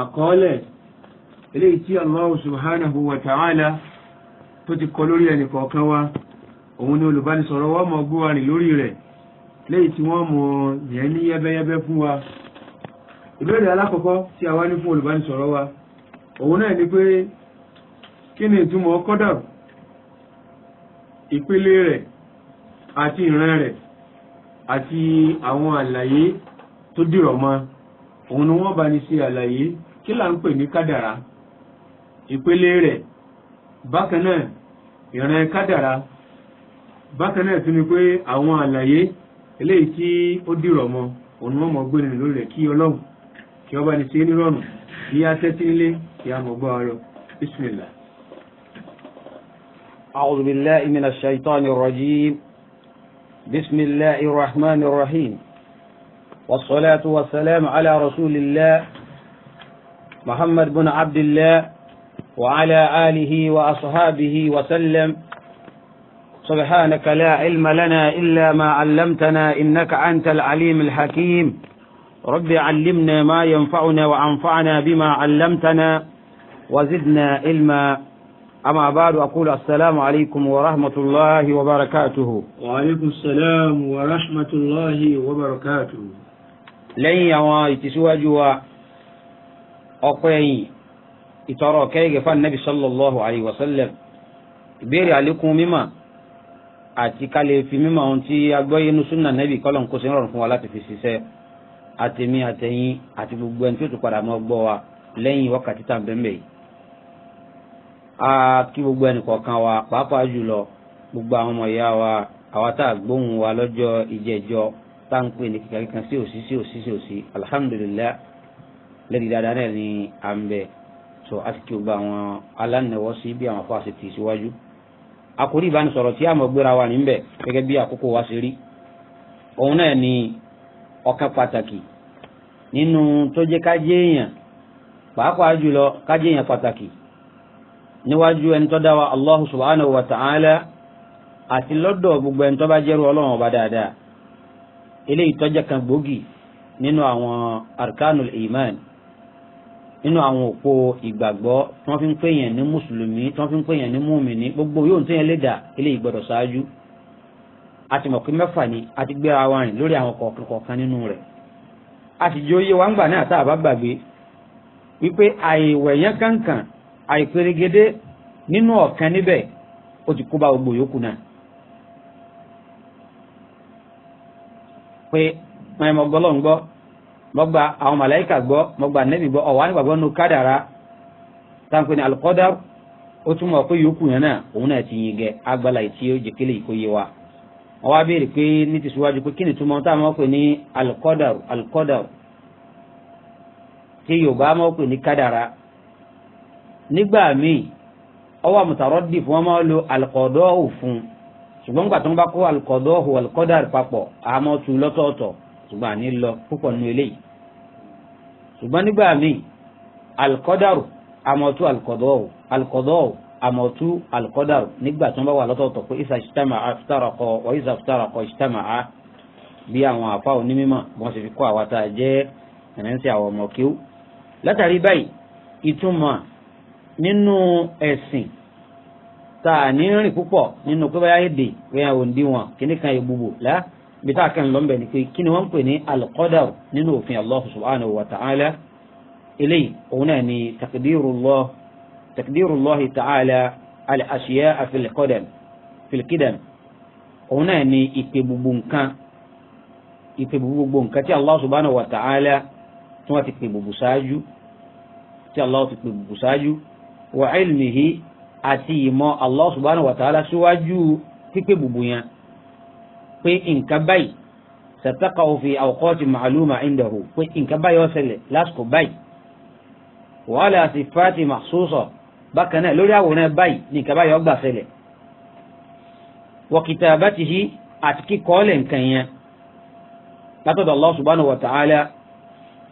àkọọ́lẹ̀ eléyìí tí Allah subhanahu wa ta'ala tó ti kọ lórí ẹnì kọ̀ọ̀kan wa òun ni olùbánisọ̀rọ̀ wọ́n mọ̀ gbówà rìn lórí rẹ̀ léyìí tí wọ́n mọ̀ yẹn ní yẹ́bẹ́yẹ́bẹ́ fún wa ìbéèrè alákọ̀ọ́kọ́ tí a wá ní fún olùbánisọ̀rọ̀ wa òun ni wọ́n bá ní ṣe àlàyé kí là ń pè ní kádàrá ìpele rẹ̀ bákan náà ìran kádàrá bákan náà tún ni pé àwọn àlàyé eléyìí tí ó dìrọ̀ mọ́ òun ni wọ́n mọ̀ gbé nínú rẹ̀ kí ọlọ́run kí ọba ní ṣe kí á tẹ́tí nílé kí á mọ̀ gbọ́ ọ̀rọ̀ bísímìlà. أعوذ بالله من والصلاة والسلام على رسول الله محمد بن عبد الله وعلى آله وأصحابه وسلم سبحانك لا علم لنا إلا ما علمتنا إنك أنت العليم الحكيم رب علمنا ما ينفعنا وأنفعنا بما علمتنا وزدنا علما أما بعد أقول السلام عليكم ورحمة الله وبركاته وعليكم السلام ورحمة الله وبركاته lẹ́yìn àwọn ìtẹ̀síwájú wa ọ̀pọ̀ ẹ̀yìn ìtọrọ kẹ́yìn fún anabi sallallahu alayhi wa sallam ìbéèrè àlékún mímọ̀ àti kálẹ̀ fi mímọ̀ ohun tí agbọ́yé inú súnà nẹ́bì kọ́lọ̀n kó sí rọrùn fún wa láti fi ṣiṣẹ́ àtẹ̀mí àtẹ̀yìn àti gbogbo ẹni tí ó tún padà mọ́ gbọ́ wa lẹ́yìn wákàtí tá à ń bẹ́ẹ̀ a kí gbogbo ẹnì kọ̀ọ̀kan wa pàápàá jùlọ gbogbo àwọn ọmọ ìyá wa àwa tá gbóhùn wa lọ́jọ́ tá à ń pè ní kíkàrí kan sí òsì sí òsì sí òsì alhamdulilayi lẹ́yìn dáadáa náà ni à ń bẹ̀ sọ àti kí o gba àwọn alánàwọ́ sí bí àwọn afọ́ àti tì síwájú. àkórí ìbánisọ̀rọ̀ tí àmọ̀ gbéra wa níbẹ̀ gẹ́gẹ́ bí àkókò wa ṣe rí òun náà ni ọ̀kan pàtàkì nínú tó jẹ́ kájé èèyàn pàápàá jùlọ kájé èèyàn pàtàkì níwájú ẹni tó dá Allahu subhanahu wa ta'ala àti lọ́dọ̀ gbogbo ẹni tó bá jẹ́rú Ọlọ́run ọba dáadáa eléyìí tó jẹ́ kan gbòógì nínú àwọn arkanul iman nínú àwọn òpó ìgbàgbọ́ tí wọ́n fi ń pèyàn ní mùsùlùmí tí wọ́n fi ń pèyàn ní mùmìnì gbogbo yóò tó yẹn lè dà eléyìí gbọ́dọ̀ ṣáájú a ti mọ̀ mẹ́fà ni a ti gbéra wa rìn lórí àwọn kọ̀ọ̀kan kọ̀ọ̀kan nínú rẹ̀ a sì jó yé wa ń gbà náà tá a bá gbàgbé wípé kankan àìperégedé nínú ọ̀kan níbẹ̀ ó ti kó bá gbogbo yòókù náà pé mọ̀yìn mọ̀gbọ́ lọ́n gbọ́ mọ̀gbà àwọn màláìkà gbọ́ mọ̀gbà nẹ́bì gbọ́ ọ̀wá nígbàgbọ́ nu kádàrá táǹpé ní alùkọ́dá ó túmọ̀ pé yòókù yẹn náà òun náà ti yin gẹ agbala ìtí ó jẹkẹlẹ ìkóye wa wọ́n wá béèrè pé ní ti síwájú pé kí ni túmọ̀ tá a máa pè ní alùkọ́dà alùkọ́dà tí yorùbá máa pè ní kádàrá nígbà míì ọwọ́ àmùtàrọ́dì fún wọn máa lo alùkọ́dọ́ òfun ṣùgbọ́n gbà tó ń bá kó alukọ̀dọ́ ọ̀hún alukọ́dàrí papọ̀ àmọ́ tu lọ́tọ̀ọ̀tọ̀ ṣùgbọ́n àní lọ púpọ̀ nínú eléyìí ṣùgbọ́n nígbà míì alukọ́dàrú àmọ́ tu alukọ̀dọ́ ọ̀hún alukọ̀dọ́ ọ̀hún àmọ́ tu alukọ́dàrú nígbà tó ń bá wà lọ́tọ̀ọ̀tọ̀ pé ìsà ìṣítàmà àfitárakọ̀ wà ìsà àfitárakọ̀ ìṣítàmà á bí àwọn àfa onímọ̀ wọ́n sì fi kọ́ àwa tá a jẹ́ ẹ̀rẹ́nsì àwọn ọmọ kíw látàrí báyìí ìtumọ̀ nínú ẹ̀sìn tá a ní rìn púpọ̀ nínú pé báyà èdè bóyá òǹdí wọn kíní kan ìgbùgbò lá bí tá a kàn lọ bẹ̀ ni pé kí ni wọ́n ń pè ní alqadar nínú òfin allah subhanahu wa ta'ala eléyìí òun náà ni takdirullah takdirullah ta'ala al-ashiya' fil qadam fil qidam òun náà ni ìpè gbogbo nǹkan ìpè gbogbo nǹkan tí allah subhanahu wa ta'ala tí wọ́n ti pè gbogbo ṣáájú tí allah ti pè gbogbo ṣáájú wa ilmihi àti ìmọ̀ Allah subhanahu wa ta'ala síwájú pípé bùbù yẹn pé nǹkan báyìí sataqa'u fi awqati ma'luma indahu pé nǹkan báyìí ó ṣẹlẹ̀ lásìkò báyìí wala sifati mahsusa bákan náà lórí àwòrán báyìí ní nǹkan báyìí ó gbà ṣẹlẹ̀ wa kitabatihi àti kíkọ́ọ̀lẹ̀ nǹkan yẹn látọ̀dọ̀ Allah subhanahu wa ta'ala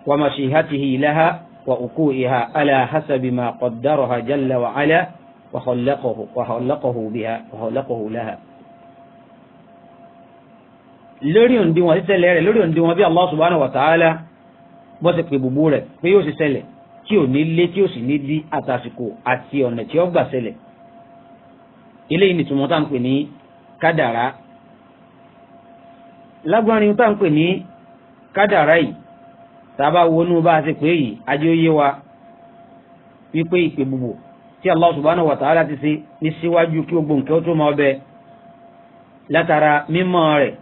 wa mashihatihi wa uqu'iha ala hasabi ma qaddaraha jalla وخلقه وخلقه بها وخلقه لها lórí òǹdíwọ̀n títẹ̀lẹ̀ rẹ̀ lórí òǹdíwọ̀n bí Allah subhanahu wa ta'ala bó ti pè gbogbo rẹ̀ pé yóò sì ṣẹlẹ̀ tí ò ní lé tí ò sì ní dí àtàsìkò àti ọ̀nà tí ó gbà ṣẹlẹ̀ eléyìí ni tùmọ̀ tá à pè ní kádàrá lágbọ́nrin tá à pè ní kádàrá yìí tá a bá wọnú bá a ti pè yìí ajé ó yé wa wípé ìpè gbogbo tí allah subhanahu wa ta'ala ti ṣe ní síwájú kí gbogbo nǹkan tó máa bẹ látara mímọ̀ rẹ̀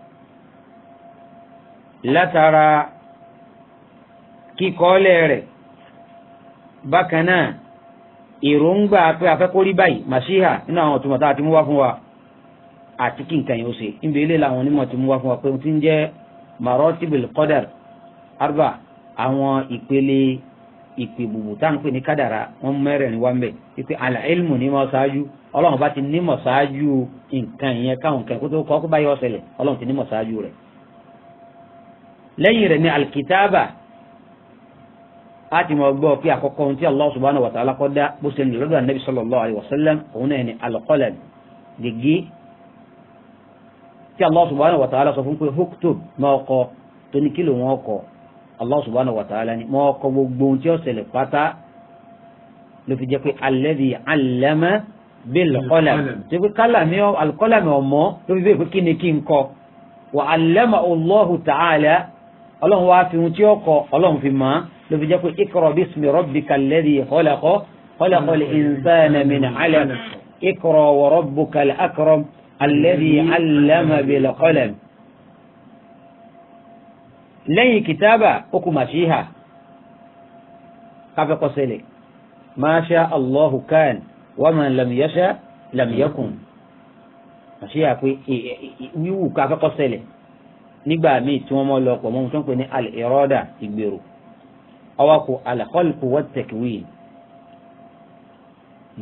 látara kíkọ́lẹ̀ rẹ̀ bákan náà èròǹgbà pé afẹ́kórí báyìí màṣíhà nínú àwọn ọ̀túnmọ̀ tá a ti mú wá fún wa àti kí nǹkan yẹn ó ṣe níbi ilé làwọn onímọ̀ ti mú wá fún wa pé ó ti ń jẹ́ marotibul qadar arba àwọn ìpele ìpè bùbù tá à ń pè ní kádàrà wọn mẹ́rẹ̀ẹ̀rin wá ń bẹ̀ wípé àlàílmù ní mọ̀ ṣáájú ọlọ́run bá ti nímọ̀ ṣáájú nǹkan ìyẹn káwọn nǹkan kó tó kọ́ kó bá yọ ọ̀sẹ̀lẹ̀ ọlọ́run ti nímọ̀ ṣáájú rẹ̀. lẹ́yìn rẹ̀ ni alkitaba a ti mọ̀ gbọ́ pé àkọ́kọ́ ohun tí Allah subhanahu wa ta'ala kọ́ dá bó ṣe ní lọ́dọ̀ anabi sallallahu alayhi wa sallam òun náà ni alqalam gègé tí Allah subhanahu wa ta'ala sọ fún pé huktub allah subhanahu wa ta'ala ni mo kọ gbogbo ohun tí ó ṣẹlẹ̀ pátá ló fi jẹ́ pé alladhi allama bil qalam tí pé kálàmì alqalami ọmọ ló fi bẹ́ẹ̀ pé kí ni kí n kọ wa allama allahu ta'ala ọlọ́run wá fi ohun tí ó kọ ọlọ́run fi mọ́ ló fi jẹ́ pé ikra bismi rabbika alladhi khalaqa khalaqal insana min 'alaq ikra wa rabbukal akram alladhi allama lẹ́yìn kìtàbà ó kù màṣíhà káfẹ́ kọsẹ̀lẹ̀ máṣá allahu kan wàmà lamiyasa lamiyakun màṣíhà pé wíwù káfẹ́ kọsẹ̀lẹ̀ nígbà míì tí wọ́n mọ́ lọ pọ̀ mọ́ tó ń pè ní al-irada ìgbèrò ọwọ́ kù al-khalqu wat-takwin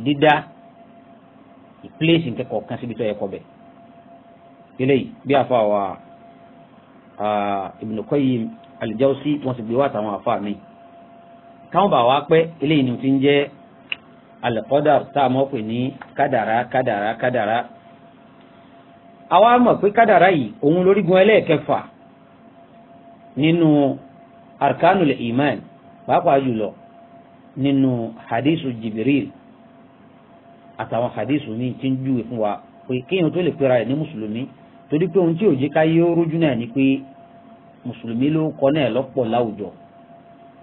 dídá ìpìlẹ̀sì nǹkan kọ̀ọ̀kan síbi tó yẹ kọ́ bẹ̀ eléyìí bí àfa wà Ibn Qayyim al-Jawzi wọ́n ti gbé wá àtàwọn àfa mi káwọn bá wa pẹ́ eléyìí ni o ti ń jẹ́ al tá a mọ̀ pé ní kádàrá kádàrá kádàrá àwa mọ̀ pé kádàrá yìí òun lórígun ẹlẹ́ẹ̀kẹfà nínú arkanul iman pàápàá jùlọ nínú hadithu Jibril àtàwọn hadithu mi ti ń júwe fún wa pé kéèyàn tó lè pera ẹ̀ ní mùsùlùmí torí pé ohun tí ò jẹ́ ká ó rójú náà ni pé mùsùlùmí ló kọ náà lọ́pọ̀ láwùjọ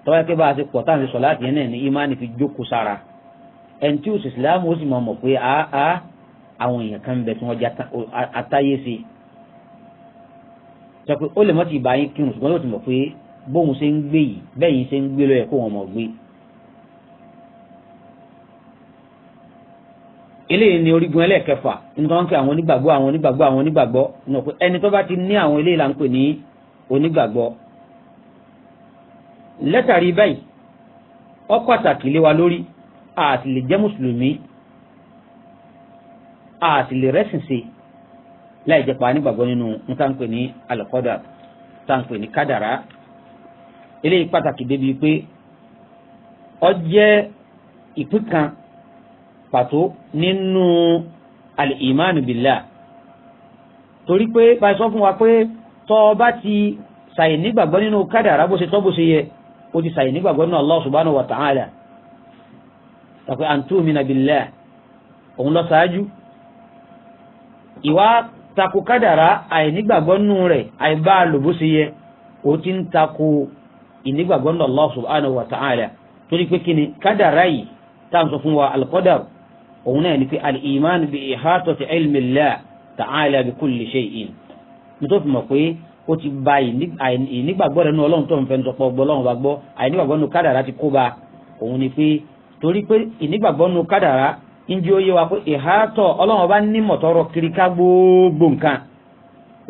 tọ́wọ́ pé bá a ti pọ̀ tá à ń sọ láti yẹn náà ni imáni fi jókòó sára ẹni tí òsì ìsìláàmù ó sì mọ̀ mọ̀ pé àá àwọn èèyàn kan bẹ tí wọ́n jẹ́ atáyé sí i sọ pé ó lè mọ́ ti bá yín kírun ṣùgbọ́n yóò ti mọ̀ pé bóun ṣe ń gbé yìí bẹ́ẹ̀ yìí ṣe ń gbé lọ́yẹ̀ kó wọn mọ̀ gbé eléyìí ni orígun ẹlẹ́ẹ̀kẹfà nǹkan ń pè àwọn onígbàgbọ́ àwọn onígbàgbọ́ àwọn onígbàgbọ́ nù pé ẹni tó bá ti ní àwọn eléyìí là ń pè ní onígbàgbọ́. lẹ́tàrí báyìí ó pàtàkì lé wa lórí a sì lè jẹ́ mùsùlùmí a sì lè rẹ́sìn ṣe láì jẹ́ pa nígbàgbọ́ nínú nǹkan pè ní alọ́kọ́dà nǹkan pè ní kádàrá eléyìí pàtàkì débi pé ó jẹ́ ìpín kan pàtó nínú al-imanu billah torí pé bá a sọ fún wa ti ṣàì nígbàgbọ́ nínú kádàrá bó ṣe tọ́ bó ṣe yẹ ó ti ṣàì nígbàgbọ́ nínú Allah subhanahu wa ta'ala tàpé antumina billah òun lọ ṣáájú ìwà tako kádàrá àìnígbàgbọ́ nínú rẹ̀ àìbá lò bó ṣe yẹ ó ti ń tako ìnígbàgbọ́ nínú Allah subhanahu wa ta'ala torí pé kíni kádàrá yìí tá à ń sọ fún wa òun náà ni pé al-iman bi ihatati ilmi Allah ta'ala bi kulli shay'in mo tó fi mọ̀ pé ó ti ba ìnígbàgbọ́ rẹ̀ nínú ọlọ́run tó ń fẹ́ sọpọ̀ gbọ́ ọlọ́run bá gbọ́ àìnígbàgbọ́ nínú kádàrá ti kó ba òun ni pé torí pé ìnígbàgbọ́ nínú kádàrá ń jẹ́ òye wa pé ìhátọ̀ ọlọ́run bá nímọ̀ tọrọ kiri ká gbogbo nǹkan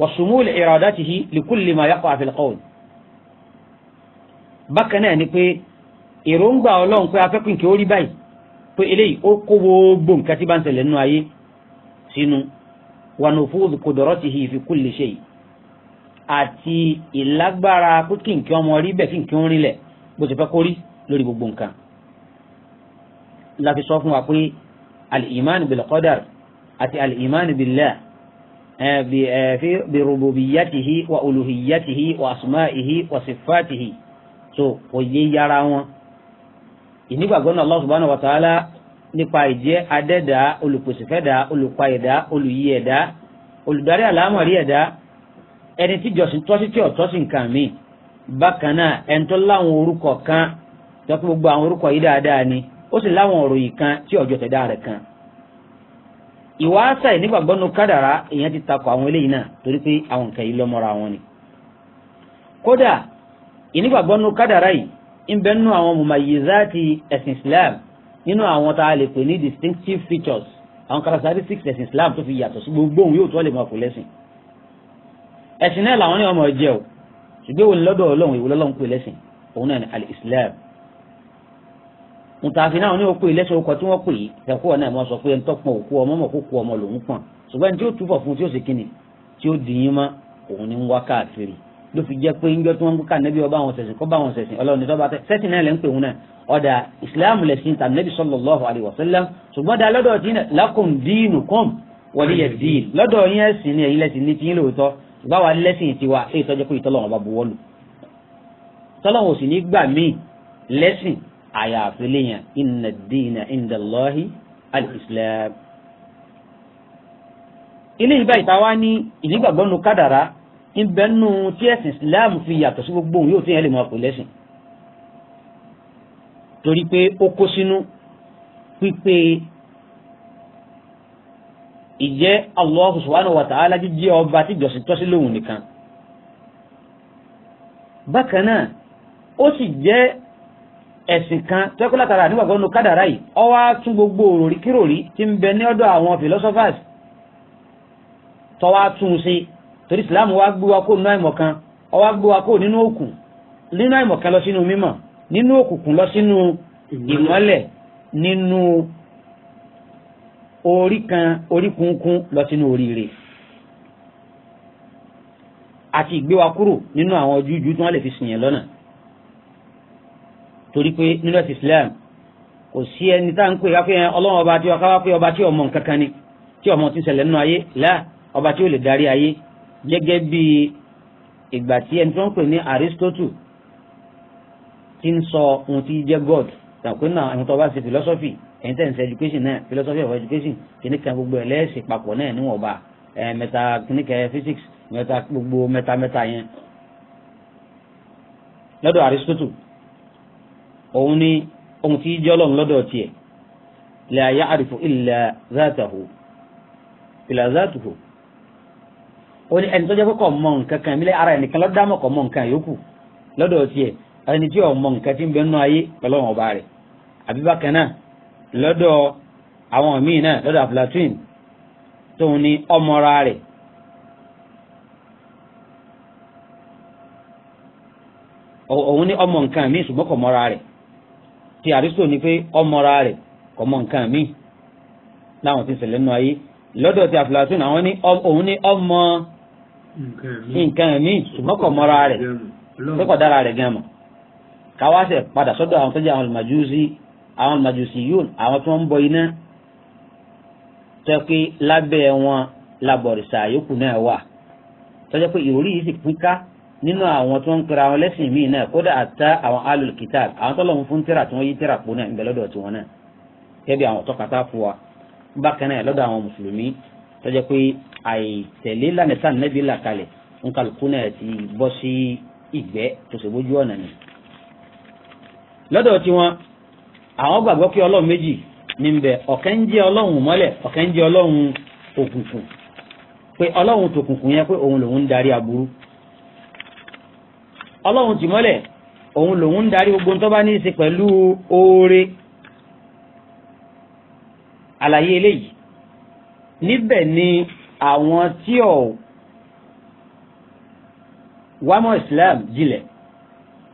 wasumul iradatihi likulli ma yaqa fil bákan náà ni pé èròǹgbà ọlọ́run pé afẹ́kùnkè ó rí báyìí pé eléyìí ó kó gbogbo nǹkan tí bá ń ṣẹlẹ̀ nínú ayé sínú wa nufudhu qudratihi fi kulli shay àti ìlágbára pé kí nǹkan ọmọ rí bẹ́ẹ̀ kí nǹkan ó rinlẹ̀ bó ti fẹ́ kó rí lórí gbogbo nǹkan la fi sọ fún wa pé al-iman bil qadar àti al-iman billah bi rububiyyatihi wa uluhiyyatihi wa asma'ihi wa sifatihi so òye yára wọn ìnígbàgbọ́ náà Allah subhanahu wa ta'ala nípa ìjẹ́ adẹ́dá olùpèsèfẹ́dá olùpa ẹ̀dá olùyí ẹ̀dá olùdarí àlámọ̀rí ẹ̀dá ẹni tí jọ̀sìn tọ́sí tí ọ̀tọ́ sí nǹkan mi bákan náà ẹni tó láwọn orúkọ kan tọ́pẹ́ gbogbo àwọn orúkọ yìí dáadáa ni ó sì láwọn òròyìn kan tí ọjọ́ tẹ̀dá rẹ̀ kan ìwà àṣà ìnígbàgbọ́ nu kádàrá èèyàn ti takò àwọn eléyìí náà torí pé àwọn nǹkan yìí lọ́mọ́ra wọn ni kódà ìnígbàgbọ́ nu kádàrá yìí ìbẹ̀ nínú àwọn mumayizati ẹ̀sìn islam nínú àwọn tá a lè pè ní distinctive features àwọn characteristics ẹ̀sìn islam tó fi yàtọ̀ sí gbogbo òun yóò tó lè máa kó lẹ́sìn ẹ̀sìn náà làwọn ní ọmọ ẹ̀jẹ̀ o ṣùgbọ́n òun lọ́dọ̀ ọlọ́run ìwé lọ́lọ́run pè lẹ́sìn òun náà ní al-islam mùtàfin náà ní o pè lẹ́sìn ọkọ̀ tí wọ́n pè yìí ẹ̀kọ́ náà mọ̀ sọ pé ẹni tọ́pọ̀ òkú ọmọ mọ̀ kó kú ọmọ lòún pọ̀n ṣùgbọ́n tí ó túbọ̀ fún tí ó sì kíni tí ó dìyín mọ́ òun ní ń wá káàkiri ló fi jẹ́ pé njọ́ tí wọ́n ń kà nẹ́bí ọba àwọn sẹ̀sìn kọ́ bá àwọn sẹ̀sìn ọlọ́run ní tọ́ba tẹ́ sẹ́sìn náà lẹ́ ń pè wọn náà ọ̀dà ìsìláàmù lẹ̀sìn tàbí nẹ́bí sallallahu alaihi wasallam ṣùgbọ́n dá lọ́dọ̀ tí lakum dinukum waliya din lọ́dọ̀ yín ẹ̀sìn ni èyí lẹ́sìn ní tí yín lóòótọ́ ṣùgbọ́n wa lẹ́sìn tiwa ṣé ìtọ́jọ́ pé ìtọ́lọ́wọ́n bá buwọ́lù tọ́lọ́wọ́n ò sì ní gbà míì lẹ́sìn àyàfi léyìn inna ad ìbẹ̀nù tí ẹ̀sìn Islam fi yàtọ̀ sí gbogbo òun yóò tí yẹn lè máa pè lẹ́sìn torí pé ó kó sínú pípé ìjẹ́ Allah subhanahu wa ta'ala jíjẹ́ ọba tí ìjọsìn tọ́sí lóhùn nìkan bákan náà ó sì jẹ́ ẹ̀sìn kan tẹ́kọ́ látara nígbàgbọ́ nu kádàrá yìí ó wá tún gbogbo òròrí kíròrí tí ń bẹ ní ọ̀dọ̀ àwọn philosophers tó tún un sí torí islam wá gbé wa kó nínú àìmọ̀kan ó wá gbé wa kó nínú òkùn nínú àìmọ̀kan lọ sínú mímọ̀ nínú òkùnkùn lọ sínú ìmọ́lẹ̀ nínú orí kan orí kunkun lọ sínú oríire àti ìgbé wa kúrò nínú àwọn ojú ìjú tí wọ́n lè fi sìn yẹn lọ́nà torí pé nínú ẹ̀sìn islam kò sí ẹni tá à ń pè ká pé ọlọ́run ọba tí ọba tí ọmọ nǹkan kan ni tí ọmọ ti ń ṣẹlẹ̀ nínú ayé là ọba tí ó lè darí ayé gẹ́gẹ́ bí ìgbà tí ẹni tó ń pè ní Aristotle ti ń sọ ohun tí jẹ́ God tàbí náà ẹni tó bá ṣe philosophy ẹni tẹ̀ ń ṣe education náà philosophy of education kìíní kan gbogbo ẹ̀ lẹ́ẹ̀sì papọ̀ náà níwọ̀nba ẹ̀ mẹ́ta kìíní kan physics mẹ́ta gbogbo mẹ́ta mẹ́ta yẹn lọ́dọ̀ Aristotle òun ni ohun tí jẹ́ ọlọ́run lọ́dọ̀ tiẹ̀ la ya'rifu illa zatahu illa zatahu ó ní ẹni tó jẹ́ pé kò mọ nǹkan kan ìmílẹ̀ ara ẹnìkan lọ́dọ̀ àmọ́ kò mọ nǹkan yòókù lọ́dọ̀ tiẹ̀ ẹni tí ò mọ nǹkan tí ń bẹ nínú ayé pẹ̀lú àwọn ọba rẹ̀ àbí náà lọ́dọ̀ àwọn míì náà lọ́dọ̀ aflatoon tóun ní ọmọra rẹ̀ òun ní ọmọ nǹkan míì ṣùgbọ́n kò mọra rẹ̀ ti àrísò ni pé ọmọra rẹ̀ kò mọ nǹkan míì láwọn ti ṣẹlẹ̀ nínú ayé lọ́dọ̀ ti aflatoon àwọn ní ọmọ nǹkan mi ṣùgbọ́n kò mọ́ra rẹ̀ pé kò dára rẹ̀ gan mọ̀ káwáṣẹ̀ padà sọ́dọ̀ àwọn tó jẹ́ àwọn màjúsí àwọn màjúsí yóò àwọn tó ń bọ iná tẹ́ pé lábẹ́ wọn labọ̀rìṣà yòókù náà wà tọ́jọ́ pé ìròrí yìí sì pín ká nínú àwọn tó ń pera àwọn lẹ́sìn míì náà kódà àtà àwọn alul kitab àwọn tó lọ́wọ́ fún tíra tí wọ́n yí tíra pò náà ń bẹ lọ́dọ̀ tiwọn náà kẹ́bi àwọn tọ́katá fún wa bákan náà lọ́dọ̀ àwọn mùsùlùmí tọ́jọ́ pé àìtẹ̀lé lánàá nẹ́bí là kalẹ̀ ń kálukú náà ti bọ́ sí ìgbẹ́ tó ṣe bójú ọ̀nà ni. lọ́dọ̀ tiwọn àwọn gbàgbọ́ pé ọlọ́run méjì ní bẹ ọ̀kẹ́ ń jẹ́ ọlọ́run mọ́lẹ̀ ọ̀kẹ́ ń jẹ́ pé ọlọ́run tòkùnkùn yẹn pé òun lòun darí aburú ọlọ́run mọ́lẹ̀ òun darí gbogbo tó bá ní níbẹ̀ ni àwọn tí ò wámọ̀ islam jilẹ̀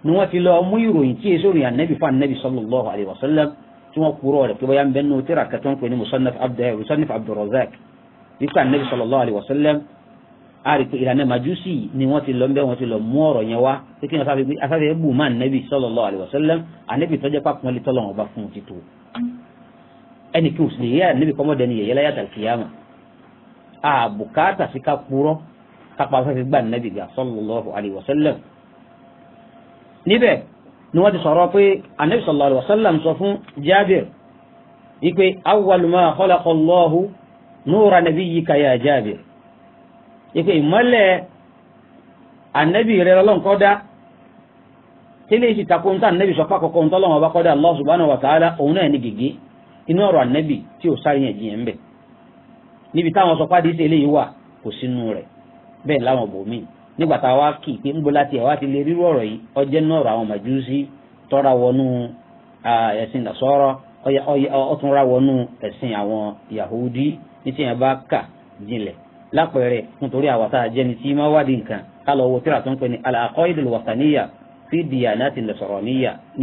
ni wọ́n ti lọ mú ìròyìn tí èso ìròyìn ànábì fún ànábì sallallahu alayhi wa sallam tí wọ́n kúrò rẹ̀ pé bóyá ń bẹ́ nù tíra kẹta ń pè ní musannaf abdulrazak wípé ànábì sallallahu alayhi wa sallam a rí pé ìlànà màjúsì ni wọ́n ti lọ ń bẹ́ wọ́n ti lọ mú ọ̀rọ̀ yẹn wá pé kí wọ́n afáfẹ́ bù má ànábì sallallahu alayhi wa sallam ànábì tọ́jọ́ pápá ẹnì kí òsì nìyẹn ànábì kọ́mọ́dé ni yẹ̀yẹ́ láyàtà kìyàmà àbùkátà sí ká kúrọ́ kápá afẹ́fẹ́ gbà nàbì gà sallallahu alayhi wa sallam níbẹ̀ ni wọ́n ti sọ̀rọ̀ pé ànábì sallallahu alayhi wa sallam sọ fún Jábìr wípé awwal ma khalaqa Allahu nura nabiyyika ya Jábìr wípé ìmọ́lẹ̀ ànábì rẹ̀ lọ́nkọ́dá tí lè ṣe takò ń tà ànábì sọ fún àkọ́kọ́ ń bá kọ́dá Allah subhanahu òun náà ní gègé inú ọ̀rọ̀ ànẹ́bì tí ò sáríyànjiyàn ń bẹ níbi táwọn sọ pàdé sí eléyìí wà kò sínú rẹ̀ bẹ́ẹ̀ láwọn bòmíì nígbà tá a wá kì í pé ńgbó láti ẹ̀ wá ti lè rírú ọ̀rọ̀ yìí ọjẹ́ náà ọ̀rọ̀ àwọn màjúsí tọ́ra wọnú ẹ̀sìn ìdàsọ́rọ̀ ọ̀túnra wọnú Yahudi ní tí yẹn bá kà jinlẹ̀ lápẹẹrẹ nítorí ni tí ma wádìí nǹkan ká lọ wo tíra tó ń al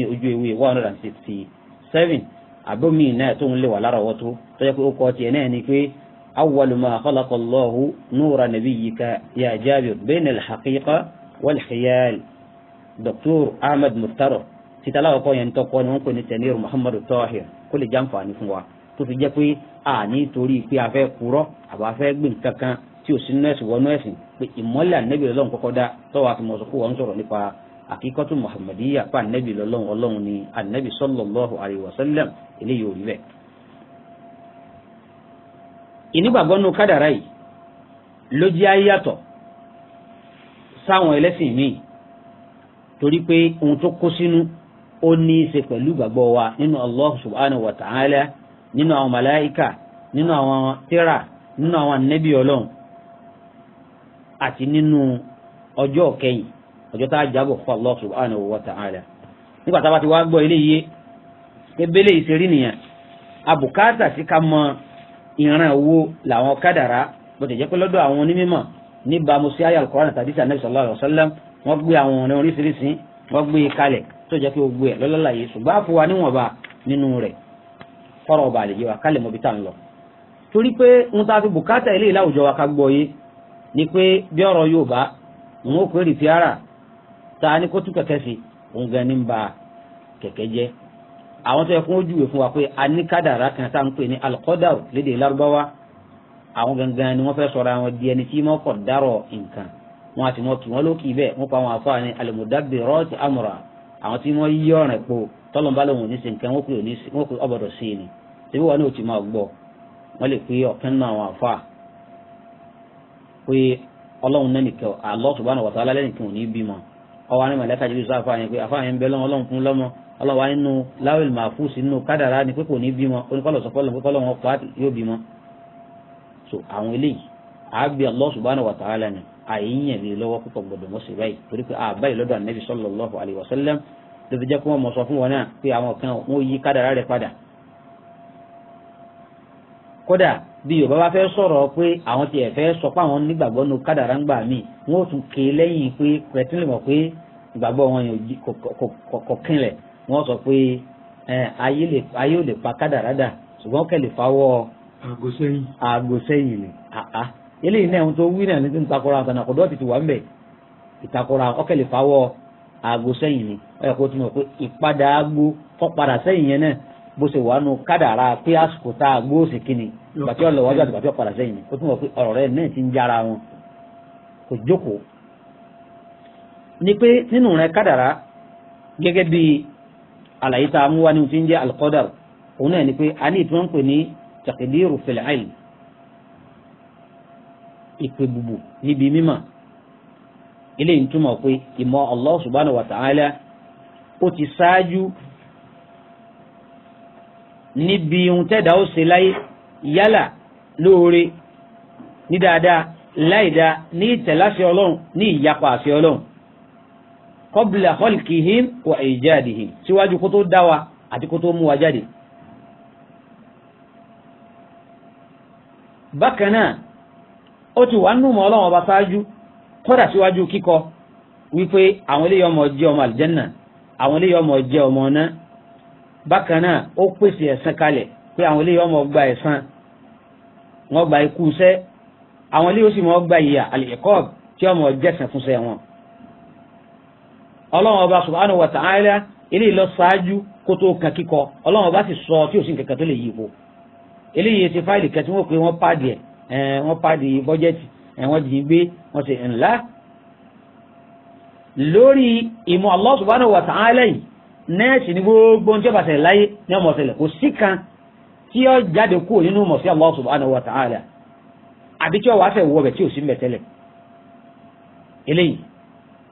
one hundred and sixty seven àbómi náà tó ń lè wà lárọ̀ọ́wọ́tó tó yẹ pé ó kọ́ tiẹ̀ náà ni pé awwal ma khalaqa Allahu nura nabiyyika ya Jabir bayna al-haqiqa wal khiyal Dr. Ahmad Muftaro titala ọkọ yẹn tọkọ ni wọn kò ní tẹnir Muhammad Tahir kó lè jàǹfààní fún wa tó fi jẹ́ pé a ní torí pé a fẹ́ kúrọ́ àbá fẹ́ gbìn kankan tí ò sí nọ́ọ̀sì wọ nọ́ọ̀sì pé ìmọ́lẹ̀ ànẹ́bí ọlọ́run dá tọ́wọ́ àti mọ̀sọ́kú wọn sọ̀rọ̀ nípa àkíkọ́tù muhammadiyya pa anabi lọ́lọ́run ọlọ́run ni anabi sallallahu alayhi wa sallam eléyìí ò rí bẹ́ẹ̀. ìnígbàgbọ́ nu kádàrá yìí ló jẹ́ àyàtọ̀ sáwọn ẹlẹ́sìn míì torí pé ohun tó kó sínú ó ní í ṣe pẹ̀lú ìgbàgbọ́ wa nínú allah subhanahu wa ta'ala nínú àwọn màláìka nínú àwọn tírà nínú àwọn anabi ọlọ́run àti nínú ọjọ́ kẹyìn ọjọ́ tá a jábọ̀ fún Allah subhanahu wa ta'ala nígbà tá a bá ti wá gbọ́ eléyìí ebele ìṣerí nìyẹn abùkátà sí ká mọ ìran owó làwọn kádàrá bó ti jẹ́ pé lọ́dọ̀ àwọn onímọ̀ níbàámu sí àyà al-Qur'an tàbí sànẹ́bí sallallahu alaihi wasallam wọ́n gbé àwọn ọ̀rẹ́ oríṣiríṣi wọ́n gbé e kalẹ̀ tó jẹ́ pé gbogbo ẹ̀ lọ́lọ́láyè ṣùgbọ́n àfọ wa níwọ̀nba nínú rẹ̀ kọ́rọ̀ ọba àlejò wa kálẹ̀ mọ́bi tá à lọ. torí pé ń ta fi bùkátà eléyìí láwùjọ wa ká gbọ́ yé ni pé bí ọ̀rọ̀ Yorùbá òun ò pé rìpíárà ta ni kó tún kẹ̀kẹ́ sí òun gan ní ń ba kẹ̀kẹ́ jẹ́ àwọn tó yẹ kó júwe fún wa pé a ní kádàrá kan tá à ń pè ní alqadar lédè lárúbáwá àwọn gangan ni wọ́n fẹ́ sọ̀rọ̀ àwọn di ẹni tí wọ́n kọ̀ dárọ̀ nǹkan wọn àti wọn kì wọ́n ló kì bẹ́ẹ̀ wọ́n pa àwọn afọ àní almudabbirati amra àwọn tí wọ́n yí ọ̀rìn po tọ́lọ́mbá lòun ò ní ṣe nǹkan wọ́n pè ọbọ̀dọ̀ sí ni ṣebí wọn ní òtí máa gbọ́ wọ́n lè pe ọ̀kan náà àwọn afọ pé ọlọ́run náà nìkan Allah subhanahu wa ta'ala lẹ́nìkan ò ní bímọ ọwọ́ àwọn mọ̀lẹ́ka jìbìtì sọ àfààní pé àfààní ń bẹ lọ́wọ́ ọlọ́run fún lọ́mọ ọlọ́wà nínú láwìlì màfúùsì nínú kádàrá ni pé kò ní bímọ oníkọ́lọ̀ sọ fọ́lọ́ pé wọn pa yóò bímọ. so àwọn eléyìí àbí Allah subhanahu wa ta'ala ni àyíyàn lè lọ́wọ́ púpọ̀ gbọdọ̀ mọ́ sí báyìí torí pé àbáyìí lọ́dọ̀ ànábì sallallahu alaihi bí yorùbá bá fẹ́ sọ̀rọ̀ pé àwọn tiẹ̀ fẹ́ sọ pé àwọn nígbàgbọ́ nu kádàrá ń gbà mí wọn ò tún ké lẹ́yìn pé pẹ̀tínlẹ̀ mọ̀ pé ìgbàgbọ́ wọn kò kínlẹ̀ wọn sọ pé ayé ò lè pa kádàrá dà ṣùgbọ́n kẹ́ lè fawọ́ aago sẹ́yìn ni àá eléyìí náà tó wí náà ní tí ń takora àtànà kò dọ́ọ̀tì ti wà ń bẹ̀ ìtakora ọkẹ́ lè fawọ́ aago sẹ́yìn ni ọ̀yà kó tún mọ̀ pé bó ṣe wà nù kádàrá pé àsìkò tá a gbóòsì kínni bàtí ọ̀lọ́ wájú àti bàtí ọ̀padà sẹ́yìn ni ó tún wọ́n pé ọ̀rọ̀ rẹ̀ náà ti ń jára wọn kò jókòó. ni pé nínú rẹ kádàrá gẹ́gẹ́ bí àlàyé tá a mú wá ní ti ń jẹ́ alqadar òun náà ni pé a ní ìtumọ̀ ń pè ní taqdiru fil ilm ìpè bùbù níbi mímọ̀ eléyìí ń pé ìmọ̀ Allah subhanahu wa ta'ala ó ti ṣáájú níbi ohun tẹ́dà ó ṣe láyé yálà lóore ní dáadáa láìda ní ìtẹ̀láṣẹ ọlọ́run ní ìyapa àṣẹ ọlọ́run qabla khalqihim wa ijadihim síwájú kó tó dá wa àti kó tó mú wa jáde. bákan náà ó ti wà nínú ọlọ́run ọba ṣáájú kódà síwájú kíkọ wípé àwọn eléyìí ọmọ jẹ́ ọmọ àlìjẹ́nà àwọn eléyìí ọmọ jẹ́ ọmọ náà bákan náà ó pèsè ẹ̀san kalẹ̀ pé àwọn eléyìí ọmọ gba ẹ̀san wọn gba ikú iṣẹ́ àwọn eléyìí ó sì mọ gba ìyà àlẹ́kọ́ tí ọmọ jẹ́sàn fúnṣẹ́ wọn. ọlọ́run ọba subhanahu wa ta'ala eléyìí lọ ṣáájú kó tó kan kíkọ ọlọ́run ọba sì sọ tí ò sí nǹkan tó lè yípo eléyìí ti fáìlì kan tí wọ́n pe wọ́n pàdé ẹ̀ wọ́n bọ́jẹ́tì ẹ̀ wọ́n dì í gbé wọ́n sì ńlá lórí ìmọ̀ Allah subhanahu wa ta'ala yìí nẹ́ẹ̀sì ní gbogbo ní ọba ṣẹlẹ̀ láyé ní ọmọ ṣẹlẹ̀ kò sí kan tí ó jáde kúrò nínú mọ̀ sí Allah subhanahu wa ta'ala àbí tí ó wàá fẹ́ wọ bẹ̀ tí ò sí mẹ́tẹ́lẹ̀ eléyìí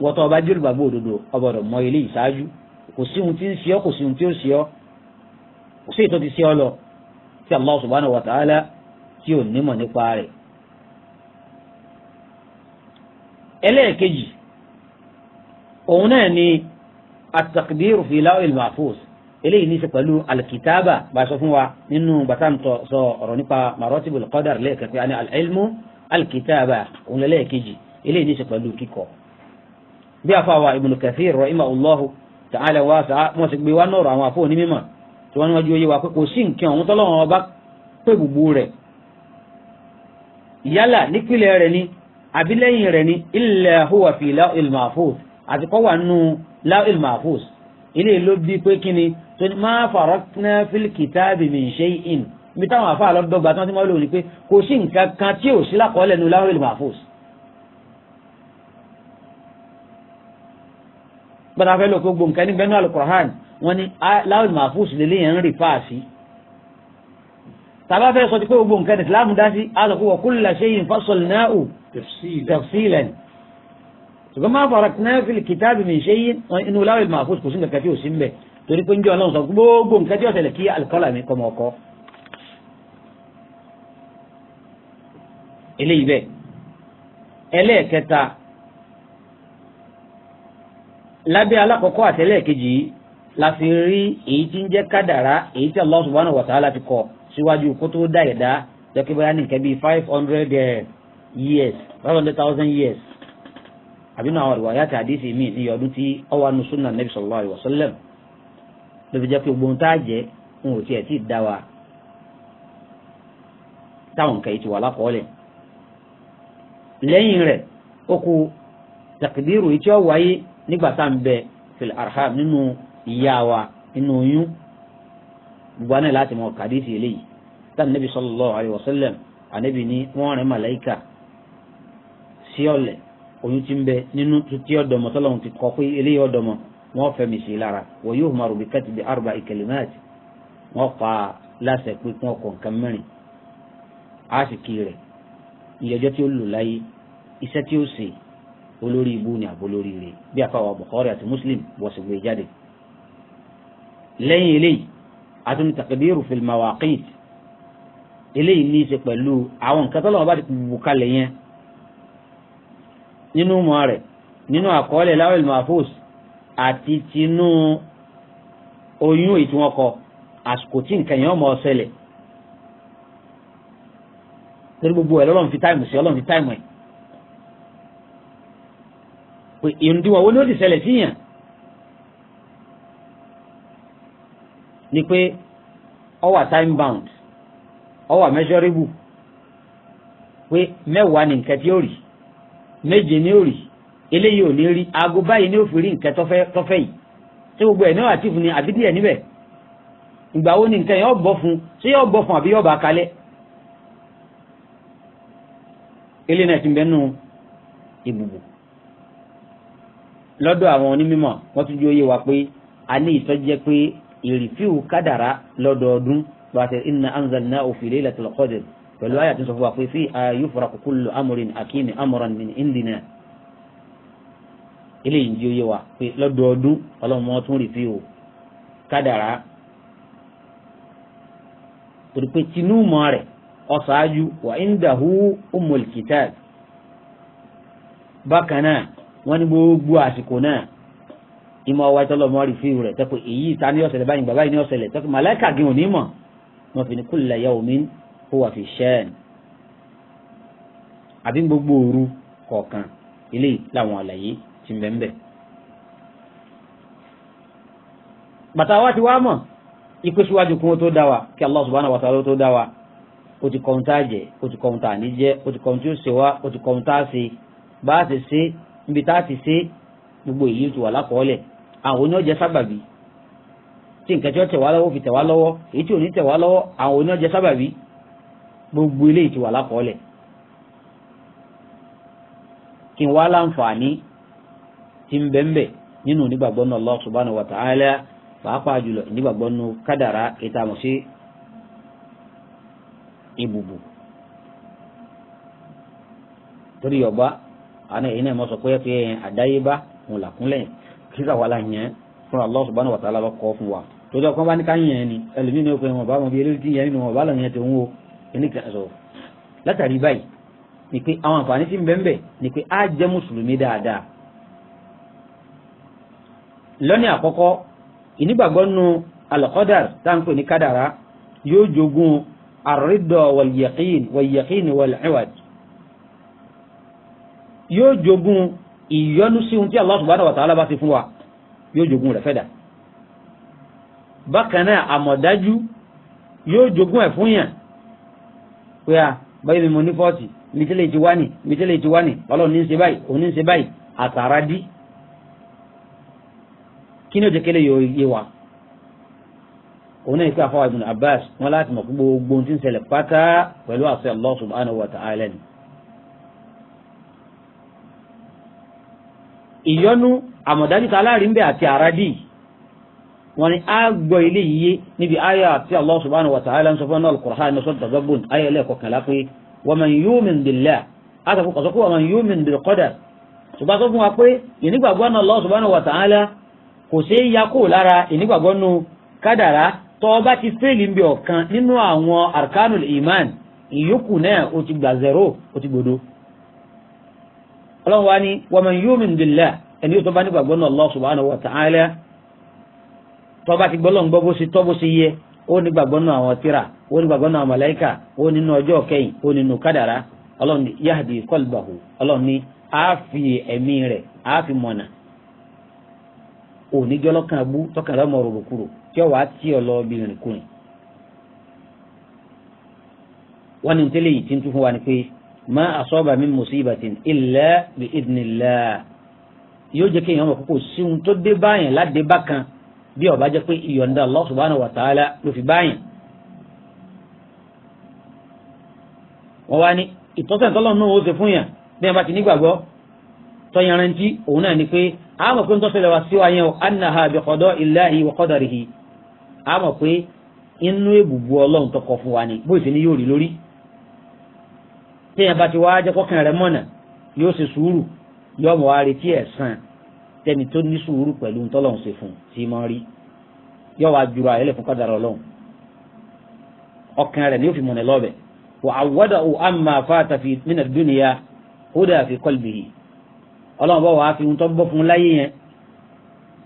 wọ́tọ̀ ọba jẹ́ olùgbàgbọ́ òdodo ọbọ̀dọ̀ mọ eléyìí ṣáájú kò sí ohun tí ń ṣe ọ́ kò sí ohun tí ó ṣe ọ́ kò sí ètò ti ṣe ọ́ lọ tí Allah subhanahu wa ta'ala tí ò at-taqdiru fi lawil mahfuz eléyìí ní í ṣe pẹ̀lú alikitaaba bá a sọ fún wa nínú bàtà ntọ́ sọ ọ̀rọ̀ nípa marotibul qadar lẹ́ẹ̀kẹ́kẹ́ àni al-ilmu alikitaaba òun lẹ́ẹ̀kejì eléyìí ní í ṣe pẹ̀lú kíkọ. bí a fọ àwa ibn kathir rahimahullahu ta'ala wa sa wọn sì gbé wa nọ̀rọ̀ àwọn afọ onímọ̀ tí wọ́n níwájú oyé wa pé kò sí nǹkan ọ̀hún tọ́lọ́wọ́n ọba pé gbogbo rẹ̀ yálà nípìnlẹ̀ rẹ̀ ni àbí rẹ̀ ni illa huwa fi àti kọ́ wà nù láìl mahfuz ilé ló bí pé kíni tó ní máa faratna fil kitabi min shay'in ibi táwọn àfa àlọ́dọ́gba tí wọ́n ti máa lò ní pé kò sí nǹkan kan tí ò sí lákọọ́lẹ̀ nù láìl mahfuz. gbọ́dọ̀ fẹ́ lọ kó ní bẹ́ẹ̀ ní wọ́n ní láìl mahfuz lélẹ́yìn ń rí fáàsì tàbá fẹ́ sọ ti pé gbogbo nǹkan islam dá sí a sọ pé wa kulla shay'in fassalnahu ṣùgbọ́n máa fọ̀rọ̀ náfìlì kìtàbì mi ṣe yí inú láwẹ̀ mahfuz kò sí nǹkan tí ò sí mbẹ̀ torí pé ń jẹ́ ọlọ́run sọ gbogbo nǹkan tí ó ṣẹlẹ̀ kí alikọ́là mi kọ́ mọ̀ ọkọ́. eléyìí bẹ́ẹ̀ ẹlẹ́ẹ̀kẹta lábẹ́ alákọ̀ọ́kọ́ àtẹ́lẹ́ẹ̀kejì yìí la fi rí èyí tí ń jẹ́ kádàrá èyí tí Allah subhanahu wa ta'ala ti kọ síwájú kó tó dá ẹ̀dá jẹ́ kí bóyá bíi five hundred eh, years five hundred thousand years àbínú àwọn ìwà yàtọ̀ àdìsí mi ní ọdún tí ọwọ́ nu sunna nabi sallallahu alayhi wa sallam ló fi jẹ́ pé gbóhùn tá a jẹ́ ń wò tiẹ̀ tí ì dá wa táwọn nǹkan yìí ti wà lákọọ́lẹ̀ lẹ́yìn rẹ̀ ó ku takdiru yìí tí ó wáyé nígbà tá à ń bẹ fil arham nínú ìyá wa nínú oyún gbogbo náà láti mọ kàdísì eléyìí táwọn nabi sallallahu alayhi wa sallam ní wọ́n rìn màláìkà oyún ti ń bẹ nínú tí ọ̀dọ̀mọ tọ́lọ́hún ti kọ́ pé eléyìí ọ̀dọ̀mọ wọ́n fẹ́ mi sí i lára wọ́n yóò máa rògbé kẹ́tì bí arba ìkẹlẹ́mẹ́tì wọ́n pa láṣẹ pé kí wọ́n kọ̀ nǹkan mẹ́rin àsìkí rẹ̀ ìyẹjọ́ tí ó lò láyé iṣẹ́ tí ó ṣe olórí ibú ni àbólórí rẹ̀ bí àfàwọ̀ Bukhari àti Muslim wọ́n sì gbé jáde lẹ́yìn eléyìí àtúntò taqdiru fil mawaqit eléyìí ní í ṣe pẹ̀lú àwọn nǹkan tọ́lọ́wọ́ bá ti kú nínú mọ́ rẹ̀ nínú àkọọ́lẹ̀ láwẹ̀l mahfuz àti tinú oyún èyí tí wọ́n kọ àsìkò tí nǹkan yẹn mọ̀ ṣẹlẹ̀ torí gbogbo ẹ̀ lọ́lọ́run fi táìmù sí ọlọ́run fi táìmù ẹ̀ pé ìrùndínwó owó ni ó ti ṣẹlẹ̀ síyàn ni pé ó wà time bound ó wà measurable pé mẹ́wàá ni nǹkan tí ó rí méje ní òrì eléyìí ò ní rí aago báyìí ní òfin rí nǹkan tọ́fẹ́ yìí ṣé gbogbo ẹ̀ náà àti fún ni àbí díẹ̀ níbẹ̀ ìgbà wo ni nǹkan yẹn yóò bọ́ fún ṣé yóò bọ́ fún àbí yóò bá kalẹ̀ ilé náà ti bẹ́nu ìbùbù lọ́dọ̀ àwọn onímọ̀ wọ́n tún jẹ́ òye wa pé a ní ìtọ́jẹ́ pé ìrìfíù kádàrá lọ́dọọdún bá a ṣe inna anzalnahu pẹ̀lú àyà tó sọ fún wa pé fi yufraqu kullu amrin akimi amran min indina eléyìí ń di oyé wa pé lọ́dọọdún ọlọ́mọ tún rì sí o kádàrá torí pé tinúmọ rẹ̀ ọ̀sáájú wa indahu umul kitab bákan náà wọ́n ní gbogbo àsìkò náà ìmọ̀ ọwọ́ ìtọ́lọ́mọ rì sí rẹ̀ tẹ́kọ̀ èyí ta ní ọ̀sẹ̀lẹ̀ báyìí bàbá ọ̀sẹ̀lẹ̀ tẹ́kọ̀ màláìkà gẹ̀ òní mọ̀ wọn fi ní kulla yawmin huwa fi sha'an àbí gbogbo òru kọ̀ọ̀kan eléyìí làwọn àlàyé tí ń bẹ ń bẹ. bàtà wa ti wá mọ̀ ikú síwájú kún ó tó dá wa kí Allah subhanahu wa ta'ala ó tó dá wa ó ti kọ́hún tá a jẹ ó ti kọ́hún tá a ó ti kọ́hún ṣe wá ó ti kọ́hún ṣe bá a ṣe ṣe níbi tá a ti ṣe gbogbo èyí ti wà lákọọ́lẹ̀ àwọn oníwọ̀jẹ sábàbí tí nǹkan ó tẹ̀ wá lọ́wọ́ fi tẹ̀ wá lọ́wọ́ èyí tí ò ní tẹ̀ wá lọ́wọ́ àwọn oníwọ̀jẹ sábàbí gbogbo eléyìí ti wà lákọọ́lẹ̀ kí n wá láǹfààní tí ń bẹ́ńbẹ́ nínú nígbàgbọ́ náà Allah subhanahu wa ta'ala pàápàá jùlọ nígbàgbọ́ nínú kádàrá ìtàmọ̀ sí ibùbù torí ọba àná èyí náà mọ sọ pé ẹ fi àdáyébá òun wà fún fún wa tó bá ní ká yẹn ni bá wọn bí eléyìí ẹnìkan sọ látàrí báyìí ni pé àwọn àǹfààní tí ń bẹ ń bẹ ni pé á jẹ́ mùsùlùmí dáadáa lọ́ní àkọ́kọ́ ìnígbàgbọ́ nu alqadar tá à ń pè ní kádàrá yóò jogún àrídọ̀ wàlìyàkín wàlìyàkín wàlìwàd yóò jogún ìyọnu sí ohun tí Allah subhanahu wa ta'ala bá ti fún wa yóò jogún rẹ̀ fẹ́dà bákan náà àmọ̀dájú yóò jogún ẹ̀ fún yàn pé à báyìí mi mo ní fọ́ọ̀tì mi tẹ́lẹ̀ ti wá nì mi tẹ́lẹ̀ ti wá nì ọlọ́run ní ń ṣe báyìí òun ń ṣe báyìí àtàrà dí kí ni ó ti kélé yóò yé wa òun náà ìpè àfọwọ́ ibùn Abbas wọn láti mọ̀ gbogbo ohun tí ń ṣẹlẹ̀ pátá pẹ̀lú àṣẹ Allah subhanahu wa ta'ala ni. ìyọnu àmọ̀dájú tá a bẹ́ẹ̀ àti àràdì yìí wọn ni a gbọ́ ilé yìí níbi aya àti allah subhanahu wa ta'ala ń sọ fún al-Qur'an ní sọ́dọ̀ gabon aya ilé kọkànlá pé wa man yu'min billah a sọ fún wa man yu'min bil qadar ṣùgbọ́n sọ fún wa pé ìnígbàgbọ́ náà allah subhanahu wa ta'ala kò ṣe é ya kó lára ìnígbàgbọ́ nu kádàrá tó bá ti fẹ́ẹ̀lì ń bẹ ọ̀kan nínú àwọn arkanul iman ìyókù náà o ti gbà zero o ti gbòdo ọlọ́run wa ni wa man yu'min billah ẹni yóò tó bá nígbàgbọ́ náà allah subhanahu wa ta'ala tó bá ti gbọ́lọ́ ń gbọ́ bó ṣe tọ́ bó ṣe yẹ ó ní gbàgbọ́ nù àwọn tíra ó ní gbàgbọ́ nù àwọn màláíkà ó nínú ọjọ́ kẹyìn ó nínú kádàrá ọlọ́run ní yahdi kọlbahu ọlọ́run ní á ẹ̀mí rẹ̀ á mọ̀nà oníjọ́ lọ́kàn abú tọkàn rẹ̀ rògbòkúrò tí ọ̀wá tí ọ̀ lọ obìnrin kùnrin. wọ́n ní tẹ́lẹ̀ yìí ti ń tún fún wa ni pé ma asaba min musibatin illa bi idnillah yóò jẹ́ kéèyàn mọ̀ kókò síhun tó dé báyẹn ládé bákan bí ó bá jẹ́ pé ìyọ̀ǹda Allah subhanahu wa ta'ala ló fi báyìí wọ́n wá ní ìtọ́sẹ̀ tọ́lọ́run náà ó ṣe fún yàn bí wọ́n bá ti nígbàgbọ́ tọ́yanrantí òun náà ni pé a mọ̀ pé ń tọ́sẹ̀ lọ́wọ́ sí wa yẹn o annaha bi qada'i Allahi wa qadarihi a mọ̀ pé inú èbùbù ọlọ́run tọkọ fún wa ni bó ìṣe ni yóò rí lórí tí yẹn bá ti wá jẹ́ kọ́kàn rẹ̀ mọ̀nà yóò ṣe sùúrù yóò mọ̀ wá retí ẹ̀san tẹni tó ní sùúrù pẹ̀lú ntọ́lọ́hún ṣe fún tí mọ́ rí yọ wá jura ẹlẹ́ fún kádàrá ọlọ́hún ọkàn rẹ̀ ni ó fi mọ̀nà lọ́bẹ̀ wà àwọ̀dà ò àmà fáta fi nínà dúnìyà ó dà fi kọ́lbì yìí ọlọ́hún bá wàá fi ń tọ́ bọ́ fún láyé yẹn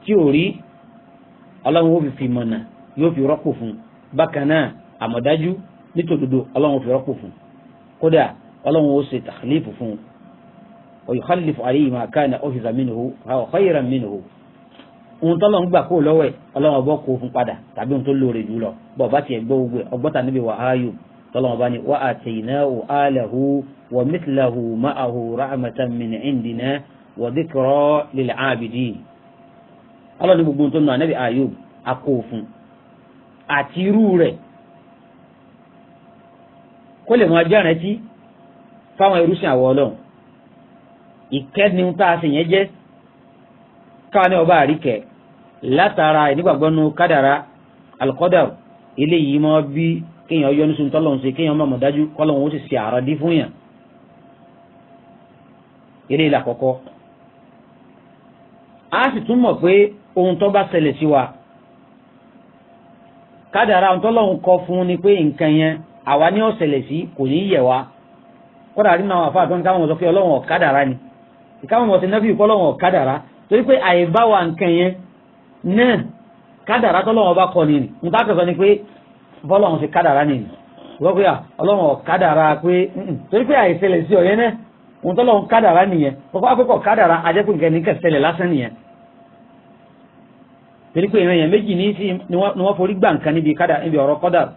tí ò rí ọlọ́hún ó fi fi mọ̀nà yóò fi rọ́pò fún bákan náà àmọ̀dájú nítòdodo ọlọ́hún ó fi rọ́pò fún kódà ọlọ́hún ó ṣe tàkìlífù fún un ويخلف عليه ما كان أخذ منه أو خيرا منه ohun tó lọ́n gbà kó lọ́wọ́ ẹ̀ ọlọ́run ọba kó fún padà tàbí ohun tó lóore jù lọ bọ́ ọba tiẹ̀ gbọ́ gbogbo ẹ̀ ọgbọ́ta níbi wà áyù tọ́lọ́run ọba ni wà á tẹ̀yìnà ò áàlẹ̀hu wà mítìláhu má àhù ràmàtà mìnà ìndìnà wà dìkọ̀rọ̀ lílẹ̀ ábìdì. ọlọ́run gbogbo tó nà níbi áyù akó fún àti irú rẹ̀ kó lè mọ ajá rẹ̀ tí fáwọn irúsìn àwọ̀ ọlọ́run ìkẹ́ni tá a sì yẹn jẹ́ káà ní ọba àríkẹ́ látara ìnígbàgbọ́nu kádàrá alkọ́dà eléyìí mọ́ bí kéèyàn yọ ní suntọ́ lọ́hùn sí kéèyàn mọ̀ dájú kọ́lọ̀ wọn ó sì ṣe àròdí fún yàn eléyìí làkọ́kọ́ a sì tún mọ̀ pé ohun tó bá ṣẹlẹ̀ sí wa kádàrá ohun tó lọ́hùn kọ fún ni pé nǹkan yẹn àwa ni ó ṣẹlẹ̀ sí kò ní yẹ̀ wa kódà rí náà àfa àtọ́ni káwọn sọ pé ọlọ́run ọ̀kadàrá ni. ìkáwọn ọmọ sinabi ìfọlọ́wọ̀n kádàrá torí pé àìbáwa nǹkan yẹn náà kádàrá tọ́lọ́wọ̀n bá kọ́ nìyí nǹkan àkàtọ́ ni pé bọ́lọ́wọ̀n kwe kádàrá nìyí wọ́n pé ọlọ́wọ̀n kádàrá pé torí pé àìṣẹlẹ̀ sí ọ̀yẹ́ náà òun tọ́lọ́wọ̀n kádàrá nìyẹn wọ́n pé akókò kádàrá ajẹ́pọ̀ nǹkan nìkan lásán nìyẹn torí pé ìran èèyàn méjì ni wọ́n forí gbà nǹkan níbi ọ̀rọ̀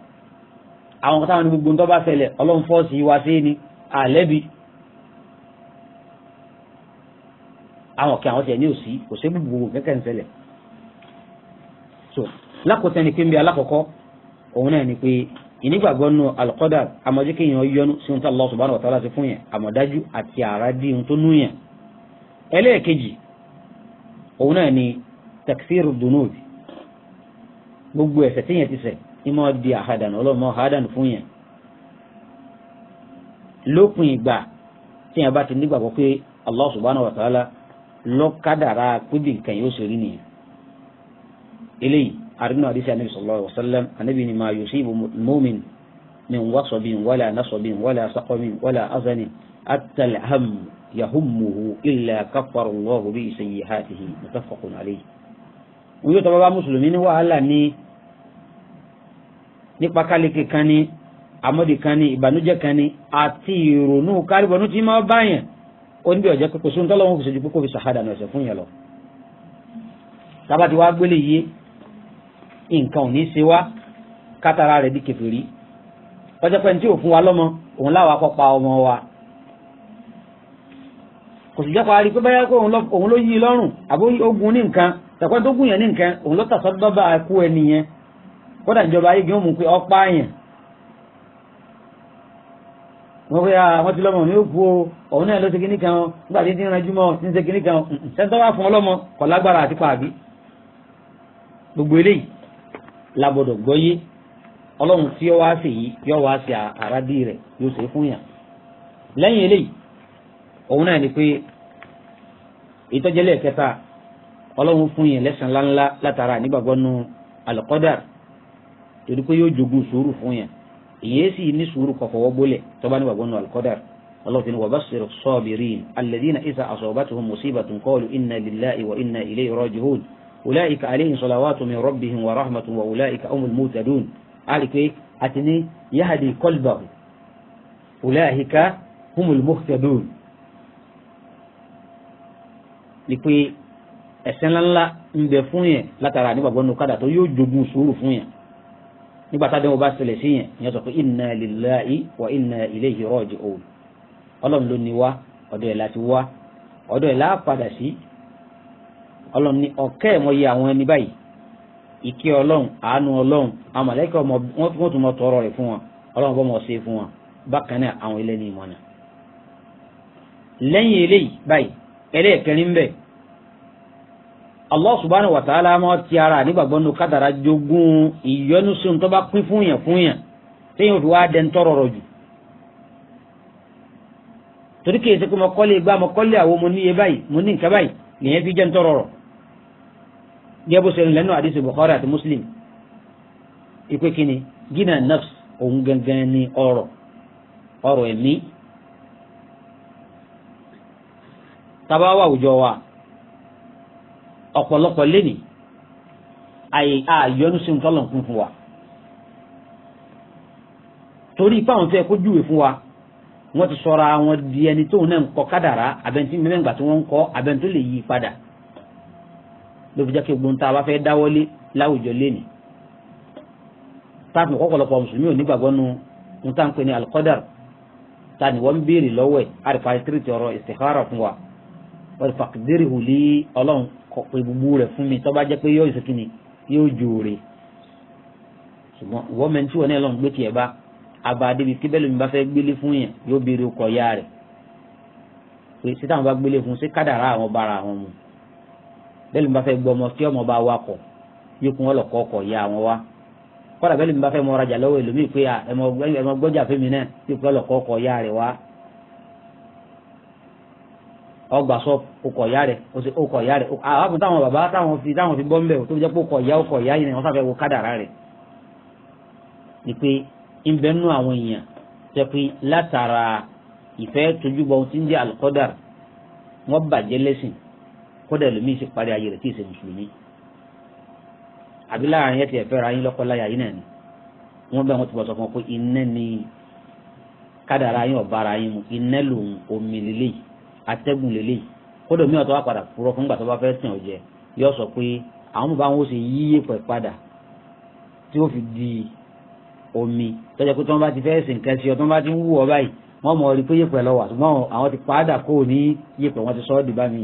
àwọn gbogbo ni àwọn kí àwọn tiẹ̀ ní òsì osi sí gbogbo kẹ́kẹ́ ń ṣẹlẹ̀ so lákòótẹ́ ni pé ń bí alákọ̀ọ́kọ́ òun náà ni pé ìnígbàgbọ́ nù alùkọ́dà amọ̀jẹ́ kéèyàn yọnu sí ohun tí Allah subhanahu wa ta'ala ti fún yẹn àmọ̀dájú àti àrà dí ohun tó nú yẹn ẹlẹ́ẹ̀kejì òun náà ni takfir dunubi gbogbo ẹ̀ṣẹ̀ tí yẹn ti ìmọ̀ di ahadanu ọlọ́mọ fún yẹn lópin ìgbà tí yẹn bá ti nígbàgbọ́ pé Allah subhanahu wa ta'ala lọ́kadàrà pébi nǹkan yóò sori nìyẹn eléyìí arinu adisi anabi sallallahu alaihi wa sallam anabi ni ma yusibu mu'min min wasabin wala nasabin wala saqamin wala azanin atal ham yahumuhu illa kafara allahu bi sayyi'atihi mutafaqun alayhi. wọ́n yóò tọ́ba bá mùsùlùmí ní wàhálà ní nípa kálíkì kan ní amọ́dì kan ní ìbànújẹ́ kan ní àti ìrònú kárìbọ̀nù tí máa báyẹn ó ní bí ọ̀jẹ́ pé kò sóhun tọ́lọ́ wọn fi ṣojú pé kò fi ṣàhádà ní ọ̀sẹ̀ fún yẹn lọ. gbélé yé nǹkan ò ní ṣe wá di wa lọ́mọ òun láwa kọ́ pa ọmọ wa kò sì jẹ́ pa rí pé báyá kó òun ló yí lọ́rùn àbó ogun ní nǹkan tẹ̀pẹ́ tó gùn yẹn ní nǹkan òun ló tàṣọ́dọ́bà kú kódà ìjọba wọ́n fẹ́ àwọn ah, ti lọ́mọ ní òkú o ọ̀hún náà ló ṣe kíní kan nígbà tí ń dín ranjú mọ́ ń ṣe kíní kan sẹ́ńtọ́ wà fún ọlọ́mọ kọ̀ lágbára àti pàbí gbogbo eléyìí labọ̀dọ̀ gbọ́yé ọlọ́run tí ó wá sí yìí wá sí rẹ̀ yóò ṣe fún yàn lẹ́yìn eléyìí náà ni pé ìtọ́jẹ́lẹ̀ kẹta ọlọ́run fún lẹ́sàn-án ìyẹn sì ní sùúrù kọ̀fọ̀wọ́ bólẹ̀ tó bá ní wàgbọ́n nù alkọ́dàr ọlọ́fin ni wabashir as-sabirin alladhina iza asabatuhum musibatun qalu inna lillahi wa inna ilayhi raji'un ulaika alayhim salawatu min rabbihim wa rahmatun wa ulaika humul muhtadun àríkè àti yahdi qalbahu ulaika humul muhtadun ni pé ẹ̀ṣẹ̀ ńláńlá ń bẹ fún yẹn látara nígbàgbọ́nù jogun sùúrù fún nígbà tá a dẹ́wọ́ bá ṣẹlẹ̀ sí yẹn ìyẹn sọ pé inna lillahi wa inna ilayhi raji'un ọlọ́run ló ní wá ọ̀dọ̀ ẹ̀ láti wá ọ̀dọ̀ ẹ̀ láà padà sí ọlọ́run ní ọ̀kẹ́ ẹ̀ mọ iye àwọn ẹni báyìí ìkẹ́ ọlọ́run àánú ọlọ́run àwọn mọ̀lẹ́kẹ́ wọ́n tún mọ tọrọ rẹ̀ fún wọn ọlọ́run bọ́ mọ̀ ṣe fún wọn bákan náà àwọn ilé ní ìmọ̀nà lẹ́yìn eléyìí báyìí ẹlẹ́ẹ̀kẹrin bẹ́ẹ̀ allah subhanahu wa ta'ala ma ti ara nígbàgbọ́ nínú kádàrá jogún ìyọnu sí ohun tó bá pín fún yàn fún yàn téèyàn fi wá dẹni tọrọ rọ jù torí kìí ṣe pé mo kọ́lé igbá mo kọ́lé àwo mo níye báyìí mo ní nǹkan báyìí lèyẹn fi jẹ́ ń tọrọ rọ gẹ́gẹ́ bó ṣe ń lẹ́nu àdìsí bukhari àti muslim ìpè kínní gina nafs òun gangan ni ọrọ̀ ọrọ̀ ẹ̀mí tabawa àwùjọ wa ọ̀pọ̀lọpọ̀ lẹ́nì àyọ̀nù sí nǹkan lọ́nkún fún wa torí ipá àwọn tó yẹ kó júwe fún wa wọ́n ti sọra wọn di ẹni tóun náà ń kọ kádàrá abẹ́ntí mẹ́mẹ́ngbà tí wọ́n ń kọ́ abẹ́ntó lè yí padà ló fi jẹ́ kí gbóhùn tá a bá fẹ́ dáwọ́lé láwùjọ lẹ́nì táàpù kọ́kọ́lọpọ̀ mùsùlùmí ò nígbàgbọ́ nu ń tá ń pè ní alqadar ta ni wọ́n ń béèrè lọ́wọ́ ẹ̀ àrífà ìtírìtì ọ̀rọ̀ istikhara fún wa wọ́n ti fàkìdérì hù lé ọlọ́run kọ pé gbogbo rẹ̀ fún mi tó bá jẹ́ pé yóò ìsìnkí ni yóò jòòrè ṣùgbọ́n ìwọ́n mẹ́ni tí wọ́n náà lọ́n gbé tiẹ̀ bá àbá débi tí bẹ́ẹ̀ lómi bá fẹ́ gbélé fún yẹn yóò béèrè ọkọ̀ ya rẹ̀ pé ṣé táwọn bá gbélé fún ṣé kádàrá àwọn bára àwọn mu bẹ́ẹ̀ lómi bá fẹ́ gbọ́ ọmọ tí ọmọ bá wakọ̀ yóò kún ọlọ́kọ̀ ọkọ̀ ya àwọn wa kọ́dà bẹ́ẹ̀ lómi bá fẹ́ mọ ọrajà lọ́wọ́ ẹlòmíì pé ẹmọ gbọ́jà fẹ́mi náà yóò kún ọlọ́kọ̀ ọkọ̀ ya rẹ̀ wá ọgbà sọ okọ̀ ìyá rẹ̀ okọ̀ ìyá rẹ̀ àwọn ah, táwọn bàbá táwọn fi táwọn fi bọ́ ń bẹ̀ tó jẹ́ pé okọ̀ ìyá okọ̀ ìyá yìí ni wọ́n sáfẹ́ wo kádàrá rẹ̀ ni pé ń bẹ nú àwọn èèyàn jẹ́ pé látara ìfẹ́ tójúbọ ohun tí ń jẹ́ alukọ́dàr wọ́n bàjẹ́ lẹ́sìn kọ́dà lómi sì parí ayé rẹ̀ tí ì mùsùlùmí àbí láàrin yẹn ti ẹ̀fẹ́ ra yín lọ́kọ́ láyà yín náà ni wọ́n bẹ̀ wọ́n ti bọ̀ sọ fún ọ pé iná ni kádàrá yín ọ̀bára yín mu iná lòun omi lélẹ́yìí atẹ́gùn lélẹ̀ kódò mí ọ̀tọ́ wá padà purọ́ fún gbàtọ́ bá fẹ́ sìn ọ́ jẹ yóò sọ pé àwọn bàbá wọn ó ṣe yí èpè padà tí ó fi di omi tọ́jà pé tí wọ́n bá ti fẹ́ sìn nǹkan sí ọ tí wọ́n bá ti ń wù ọ báyìí wọ́n mọ̀ rí pé yèpẹ̀ lọ wà ṣùgbọ́n àwọn ti padà kó ní yèpẹ̀ wọn ti sọ ọ́ di bá mi.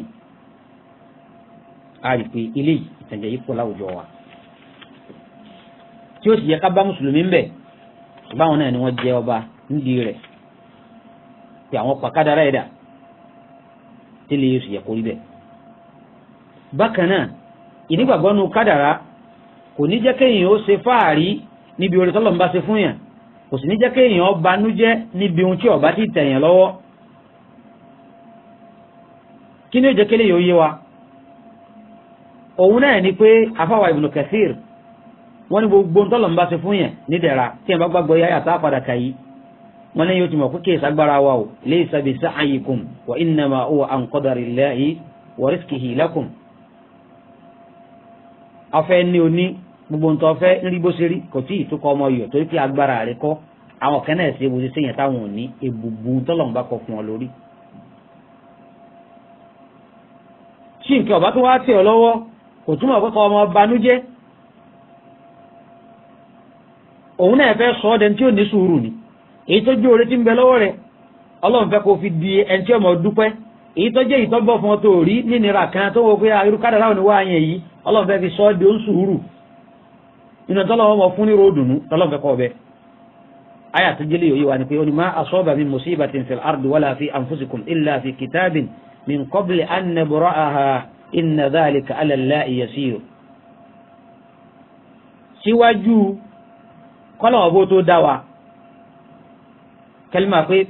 a rí pé ilé ìtànjẹ yìí pọ̀ láwùjọ wa tí ó sì yẹ ká bá mùsùlùmí ń bẹ̀ ṣùgbọ́n àwọn náà ni wọ́n jẹ ọba nídìí rẹ̀ pé àwọn pàkádàrá ẹ̀dá tẹ́lẹ̀ yóò sì yẹ kó rí bẹ́ẹ̀. bákan náà ìnígbàgbọ́ nu kádàrá kò ní jẹ́ kéèyàn ó ṣe fáàrí níbi oore tọ́lọ́run bá ṣe fún yàn kò sì ní jẹ́ kéèyàn ó banújẹ́ níbi ohun tí ó ti tẹ̀yàn lọ́wọ́ kí ni ó jẹ́ kéèyàn ó yé wa òun náà ni pé afáwa Ibn Kathir wọ́n ní gbogbo ohun tọ́lọ́run bá ṣe fún yàn nídẹ̀ra tí yàn bá gbàgbọ́ yáyà tá a padà kà yìí wọn ní yóò ti mọ̀ pé kí ìsagbára wa o laysa bi sa'yikum wa innama huwa an qadarillahi wa rizqihi lakum. afẹ́ ní oní gbogbo nǹkan ọ̀fẹ́ ńrí bó ṣe rí kò tí ì tó kọ́ ọmọ yọ̀ torí pé agbára rẹ̀ kọ́ àwọn kan náà ṣe sẹ́yìn táwọn ò ní ebùbù tọ́lọ̀mùbá kọ fún ọ lórí. tí nǹkan ọ̀bá tó wá tẹ̀ ọ lọ́wọ́ kò túmọ̀ pé kọ́ ọmọ banújẹ́ òun náà fẹ́ sọ ọ́ èyí tó jẹ́ oore tí ń bẹ lọ́wọ́ rẹ̀ ọlọ́run fẹ́ kó fi di ẹni tí ọmọ dúpẹ́ èyí tó jẹ́ ìtọ́gbọ̀ fún ọ tó rí nínira kan tó wọ pé ah, irú kádàrá òní wá yẹn yìí ọlọ́run fẹ́ fi sọ ọ́ di ó ń sùúrù nínú tọ́lọ́wọ́ mọ̀ fún nírò dùnú tọ́lọ́run fẹ́ kọ́ ọbẹ̀ aya tó jẹ́lẹ̀ yòóyì wa ni pé olùmọ̀ asọ́ba min musibatin fil ardi wala fi anfusikum illa fi kitabin min qabli an nabra'aha inna dhalika ala Allahi yasir síwájú kọ́lọ̀ ọ̀bọ tó dá wa kẹlima pé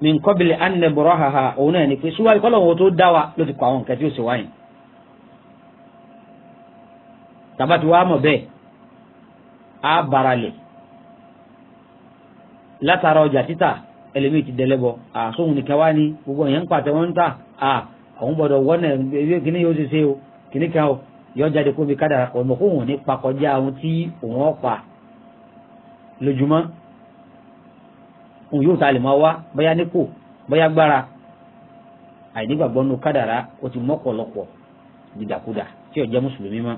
min qabli an nabrahaha òun náà ni pé síwájú kọ́lọ̀ wo tó dá wa ló ti kọ́ àwọn nǹkan tí ó sì wáyé tabati wa mọ̀ bẹ́ẹ̀ a bara lè látara ọjà títà ẹlẹ́mìí ti dẹlẹ́bọ àsóhun nìkan wá ní gbogbo èèyàn ń pàtẹ wọn ń tà à àwọn gbọdọ̀ wọ́nà ewé kìíní yóò ṣe ṣe o kìíní kan o yọ jáde kó mi kádàrà ọ̀nà ní pakọjá ohun tí òun ọ̀ lójúmọ́ òun yóò ta lè máa wá bóyá nípò bóyá gbára àìdígbàgbọ́ nínú kádàrá ó ti mọ́pọ̀lọpọ̀ dìdàkudà tí ó jẹ́ mùsùlùmí mọ́.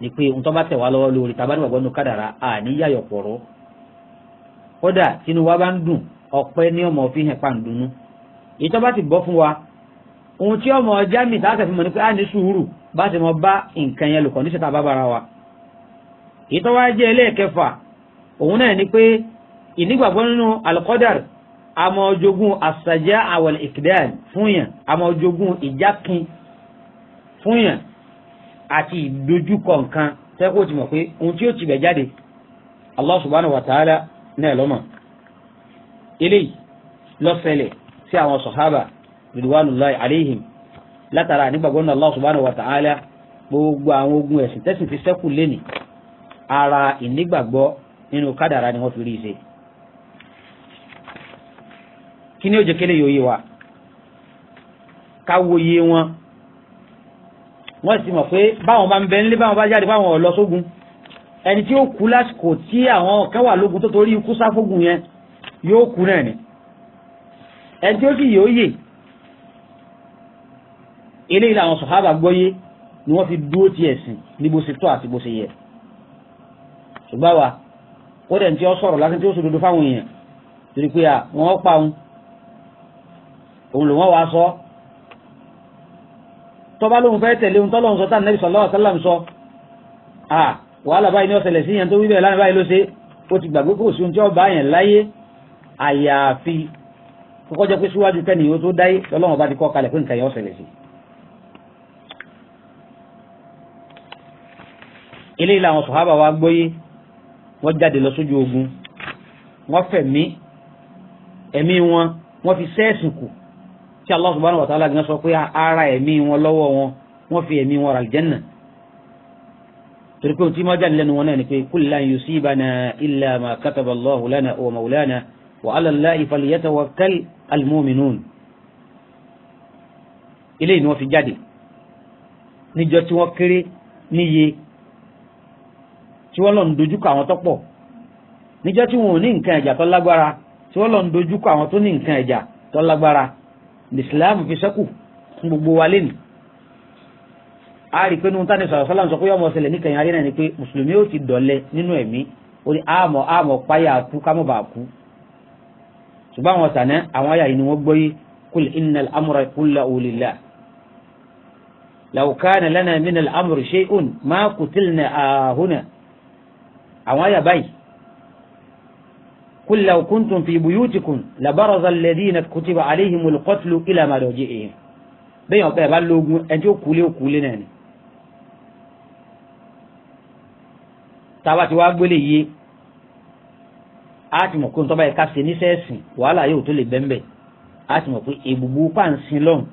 ni pé ohun tó bá tẹ̀ wá lọ́wọ́ lórí tá a bá nígbàgbọ́ nínú kádàrá à ní yàyọ̀ pọ̀rọ́ kódà tínú wa bá ń dùn ọpẹ́ ní ọmọ fi hàn pàǹdùnú èyí tó bá ti bọ́ fún wa ohun tí ọmọ ọjà mi tá a tẹ̀fún mọ̀ ni pé a ní sùúrù bá ti mọ bá nǹkan yẹn lò kọ́ níṣẹ́ tá bá bára wa èyí tó jẹ́ ẹlẹ́ẹ̀kẹfà òun náà ni pé ìnígbàgbọ́ nínú alukọ́dàr àmọ́ ojogun àṣàjá àwọ̀lẹ̀ ìkìdáàl fún yàn àmọ́ ojogun ìjákin fún yàn àti ìdojúkọ nǹkan tẹ́kọ̀ ti mọ̀ pé ohun tí ó ti bẹ̀ jáde Allah subhanahu wa ta'ala náà lọ́mọ̀ eléyìí lọ́sẹ̀lẹ̀ sí àwọn sọ̀hábà ridwanullahi alayhim látara nígbàgbọ́ nínú Allah subhanahu wa ta'ala gbogbo àwọn ogun ẹ̀sìn tẹ́sìn fi sẹ́kù lénìí ara ìnígbàgbọ́ nínú kádàrá ni wọ́n fi rí i ṣe kí ni ó jẹ́ kẹ́lẹ́ yóò yé wa ká wòye wọn wọ́n sì mọ̀ pé báwọn bá ń bẹ nílé báwọn bá jáde báwọn ọ̀ lọ sógun ẹni tí ó kú lásìkò tí àwọn kan wà lógun tó torí ikú sáfógun yẹn yóò kú náà ni ẹni tí ó sì yóò yè eléyìí làwọn sọ̀hábà gbọ́yé ni wọ́n fi dúró ti ẹ̀sìn ní bó ṣe tọ́ àti bó ṣe yẹ ṣùgbọ́n wa ó dẹ̀ ní tí ó sọ̀rọ̀ lásán tí ó sòdodo fáwọn èèyàn torí pé à wọ́n pa òun òun lòun wá sọ tọ́ba lóun fẹ́ tẹ̀lé ohun tọ́lọ́hun sọ tá nẹ́bí sallallahu alaihi wasallam sọ à wàhálà báyìí ní ọ̀sẹ̀lẹ̀ sí yẹn tó wí bẹ́ẹ̀ lánàá báyìí ló ṣe ó ti gbàgbé kò sí ohun tí ó bá yẹn láyé àyàfi kókó jẹ́ pé síwájú kẹ́ni yóò tó dáyé lọ́lọ́wọ́n bá ti kọ́ kalẹ̀ pé nǹkan yẹn ọ̀sẹ̀lẹ̀ sí i eléyìí sọ̀hábà wa gbóyé wọ́n jáde lọ sójú ogun wọ́n fẹ̀mí ẹ̀mí wọn wọ́n fi sẹ́ẹ̀sì kù tí Allah subhanahu wa ta'ala gan sọ pé ara ẹ̀mí wọn lọ́wọ́ wọn wọ́n fi ẹ̀mí wọn ra aljanna torí pé tí wọ́n jáde lẹ́nu wọn náà ni pé kul lan yusibana illa ma kataba Allahu lana wa mawlana wa ala Allahi falyatawakkal al-mu'minun ilé ni wọ́n fi jáde níjọ tí wọ́n kéré níye tí wọ́n lọ ń dojúkọ àwọn tọ́pọ̀ níjọ́ tí wọn ò ní nǹkan ẹ̀jà tó lágbára tí wọ́n lọ ń dojúkọ àwọn tó ní nǹkan ẹ̀jà tó lágbára ìsìláàmù fi sẹ́kù fún gbogbo wa lẹ́nu a rí i pé nínú tani sọ̀rọ̀ sọ́lá ń sọ pé yọmọ ṣẹlẹ̀ níkẹyìn ayé náà ni pé mùsùlùmí ó ti dọ̀lẹ nínú ẹ̀mí ó ní àmọ̀ àmọ̀ páyà kú ká bá kú ṣùgbọ́n àwọn sànà àwọn àyà báyìí qul law kuntum fi buyutikum labaraza alladhina kutiba alayhimul qatlu ila madaji'ihim bẹ́yàn ọ̀pẹ́ ẹ̀bá lógún ẹni tí ó kúlé ó kúlé náà ni tába ti wá gbélé yé a ti mọ̀ pé nítorí báyìí ká ṣe nísẹ́ẹ̀sìn wàhálà yóò tó lè bẹ́ńbẹ̀ a mọ̀ pé èbùbù pàǹsìn lọ́hùn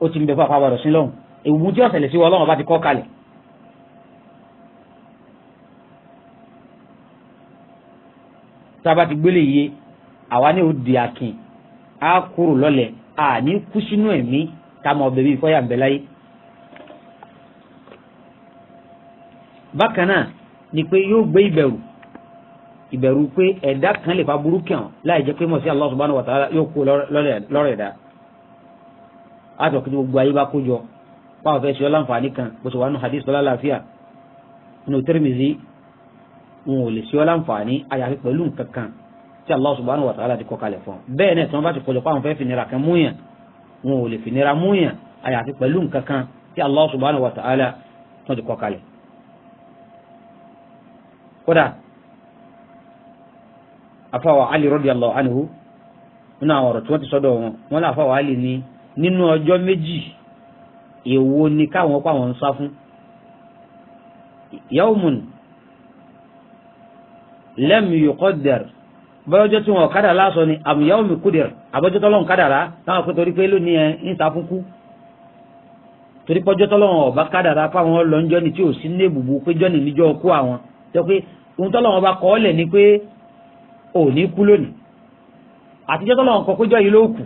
ó ti ń bẹ fún apá àbàdàn sí lọ́hùn èbùbù tí ọ̀sẹ̀ lè sí wọ́n tába ti gbélé yé àwa ní òde àkìn á kúrò lọ́lẹ̀ àní kú sínú ẹ̀mí táwọn ọbẹ̀ bíi fọ́yà ń láyé. bákan náà ni pé yóò gbé ìbẹ̀rù ìbẹ̀rù pé ẹ̀dá kan lè fa burúkú hàn láì jẹ́ pé mọ̀ sí Allah subhanahu wa ta'ala yóò kú lọ́rọ̀ ẹ̀dá àtọ̀ kí gbogbo ayé bá kójọ báwọn fẹ́ ṣe ọ́ láǹfààní kan bó ṣe wà nù hadith lọ́lá láàfíà nù Tirmidhi wọn ò lè ṣe ọ́ láǹfààní àyàfi pẹ̀lú nǹkan kan tí Allah subhanahu wa ta'ala ti kọ kalẹ̀ fún un bẹ́ẹ̀ náà tí wọ́n bá ti kọjọ fáwọn fẹ́ finira kan múyàn wọn ò lè finira múyàn àyàfi pẹ̀lú nǹkan kan tí Allah subhanahu wa ta'ala tó ti kọ kalẹ̀. kódà afáwà Ali radiyallahu anhu nínú àwọn ọ̀rọ̀ tí wọ́n ti sọ́dọ̀ wọn wọn lé afáwà Ali ní nínú ọjọ́ méjì èwo ni káwọn pa ń sá fún yawmun lẹ́mí yòókọ́ dẹ̀r bọ́yọ̀ ọjọ́ tí wọn kádà lásọ ni àmúyáwó mi kú dẹ̀r àbọ̀jọ́ tọ́lọ́hún kádà rà táwọn pé torí pé lónìí ẹ ń ta fún kú torí pọ́jọ́ tọ́lọ́hún ọba kádà rà fáwọn lọ́njọ́ ni tí ò sí ní èbùbù pé jọ́ni níjọ́ kú àwọn jọ pé ohun tọ́lọ́hún ọba kọ́ ọ́lẹ̀ ni pé ò ní kú lónìí àtijọ́ tọ́lọ́hún kọ́ péjọ́ yìí ló kù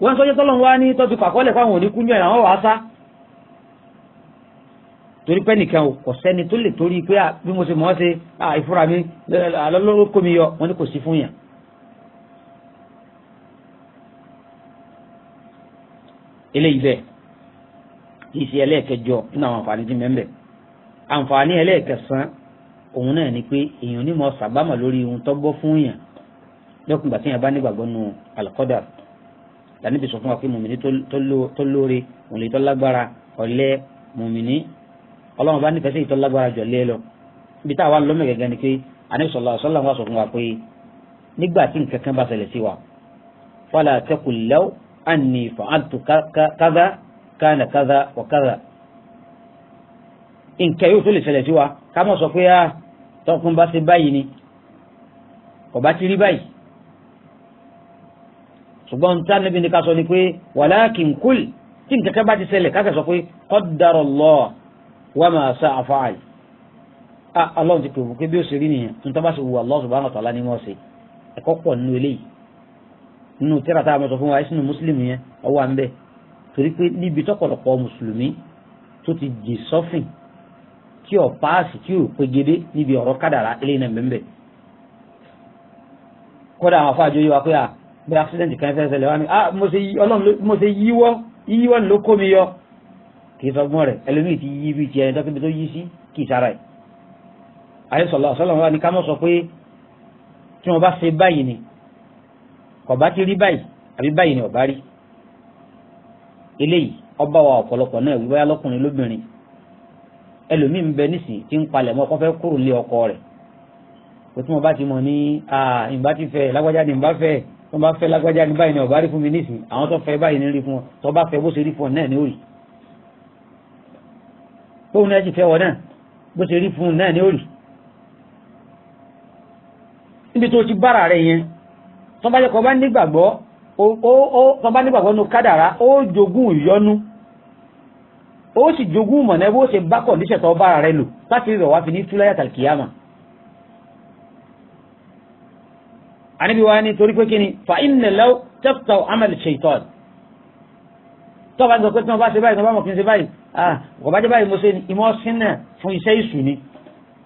wọ́n sọ́jọ́ tọ́lọ́hún wá ní tọ́jú pàkọ́lẹ̀ torí pé nìkan ò kọ̀ sẹ́ni tó lè torí pé bí mo ṣe mọ̀ ọ́ ṣe ìfúra mi lọ́lọ́rọ́ kó mi yọ wọ́n ní kò sí fún yàn. eléyìí bẹ́ẹ̀ kì í ṣe ẹlẹ́ẹ̀kẹjọ nínú àwọn àǹfààní tí mẹ́mbẹ̀ àǹfààní ẹlẹ́ẹ̀kẹsàn òun náà ni pé èèyàn ní mọ̀ sàbámọ̀ lórí ohun tó gbọ́ fún yàn lọ́kùnrin gbàtí yàn bá nígbàgbọ́ nu àlùkọ́dà lànà ìbísọ̀ fún wa pé mòmìnì tó lóore òun lè lágbára ọ̀lẹ mòmìnì ọlọ́run bá nífẹ̀ẹ́ sí ìtọ́lágbára jọ lé lọ ibi tá a wá lọ́mọ gẹ́gẹ́ ni pé anisọ̀lá sọ́lá wa sọ fún wa pé nígbà tí nǹkan kan bá ṣẹlẹ̀ sí wa fọlá tẹkù lẹ́wọ́ àní fàántù kádà kánà kádà wà kádà nǹkan yóò tó lè ṣẹlẹ̀ sí wa ká mọ̀ sọ pé a ah, tọkùn bá ṣe báyìí ni kò bá ti rí báyìí ṣùgbọ́n tá níbi ni ká sọ ni pé wàláàkì nkúl tí nǹkan kan bá ti ṣẹlẹ̀ ká wọ́n máa sá àfáàyè ah ọlọ́run ti pèwò pé bí ó ṣe rí nìyẹn tó ń tọ́ba sì wù Allah subhanahu wa ta'ala ní wọ́n ṣe ẹ̀kọ́ pọ̀ nínú eléyìí nínú tírà tá a mọ̀ sọ fún wa ẹ̀sìn mùsùlùmí yẹn ọwọ́ à ń bẹ̀ torí pé níbi tọ́pọ̀lọpọ̀ mùsùlùmí tó ti jì sọ́fìn tí ò páàsì tí ò pegedé níbi ọ̀rọ̀ kádàrá eléyìí náà bẹ́ẹ̀ kódà àwọn ah mo ṣe yíwọ́ yíwọ́ ló kó mi kìí sọgbọ́n rẹ̀ ẹlòmíì ti yí bí tiẹ̀ dọ́kítà tó yí sí kìí sára ẹ̀. àyẹ̀sọ̀lá ọ̀sọ́lọ́wọ́n wa ni ká mọ̀ sọ pé tí wọ́n bá ṣe báyìí ni kò bá ti rí báyìí àbí báyìí ni ọ̀bá rí. eléyìí ọba wa ọ̀pọ̀lọpọ̀ náà wíwáyà lọ́kùnrin lóbìnrin ẹlòmíì ń bẹ nísìn tí ń palẹ̀ mọ́ kọ́fẹ́ kúrò lé ọkọ rẹ̀ kò tí mo bá ti mọ̀ ní ìbá ti fẹ́ lágbájá ni ìbá fẹ́ tó bá fẹ́ lágbájá ni báyìí ni ọ̀bá rí fún mi nísìn àwọn tó fẹ́ báyìí ni rí fún ọ tó bá fẹ́ bó ṣe rí fún ọ náà ni ó rí bóun náà ti fẹ́ wọ náà bó ṣe rí fún un náà ní òrì níbi tó ti bára rẹ̀ yẹn tó bá jẹ́ kó bá nígbàgbọ́ tó bá nígbàgbọ́ nínú kádàrá ó jogún ìyọnu ó sì jogún mọ̀nà bó ṣe bá kọ̀díṣẹ̀ tó bára rẹ̀ lò láti rẹ̀ wá fi ní túláyà tàlkìyàmà àníbi wa ni torí pé kí ni fa inna law tẹ́fùtà amẹ́lì ṣèitọ́n tó bá tí wọ́n bá ṣe báyìí tó bá mọ̀ kí n ṣe báyìí ọ̀bájẹ́ ah, báyìí mo ṣe ni ìmọ̀ sínà fún iṣẹ́ ìṣù ni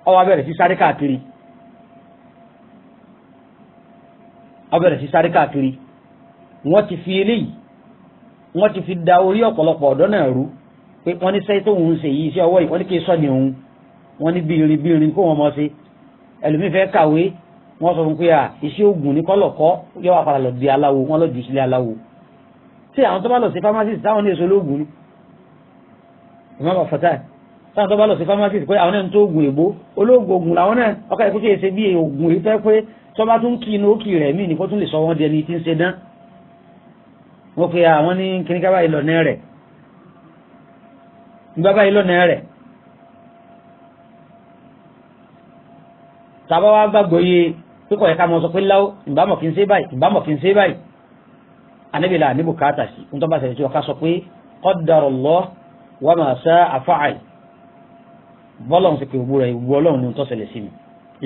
ọwọ́ abẹ́rẹ̀ sí sáré káàkiri abẹ́rẹ̀ sí sáré káàkiri wọ́n ti fi eléyìí wọ́n ti fi da orí ọ̀pọ̀lọpọ̀ ọ̀dọ́ náà rú pé wọ́n ní sẹ́yìn tó ń ṣe yìí iṣẹ́ ọwọ́ yìí wọ́n ní kí sọ ni òun wọ́n ní bìnrin bìnrin kó wọn mọ̀ sí ẹlòmíì fẹ́ kàwé wọ́n sọ fún pé à iṣẹ́ oògùn ní kọ́lọ̀kọ́ yọ wà padà lọ di aláwo wọ́n lọ jù sílé aláwo tí àwọn tó bá lọ sí pharmacy táwọn ní èso lóògùn ni ìmọ̀ bá fọ́tà sáà tó bá lọ sí pharmacist pé àwọn ẹni tó oògùn èbó olóògùn oògùn làwọn náà ọkọ ìkúṣe ṣe bí oògùn èyí tẹ́ pé tó bá tún kí inú òkì rẹ̀ míì nìkan tún lè sọ wọ́n di ẹni tí ń ṣe dán wọ́n pe àwọn ní kíníkà báyìí lọ́nà rẹ̀ ìgbà báyìí lọ́nà rẹ̀ tàbá wa gbàgbọ́ yé pípọ̀ ẹ̀ka mọ̀ sọ pé láwọ́ ìbámọ̀ kí n ṣe báyìí ìbámọ̀ kí n ṣe báyìí anábìlà àníbùkátà sí ń Allah wọ́n máa sá àfáàì bọ́lọ̀n sì pé gbogbo rẹ̀ ọlọ́run ni tó ṣẹlẹ̀ sí mi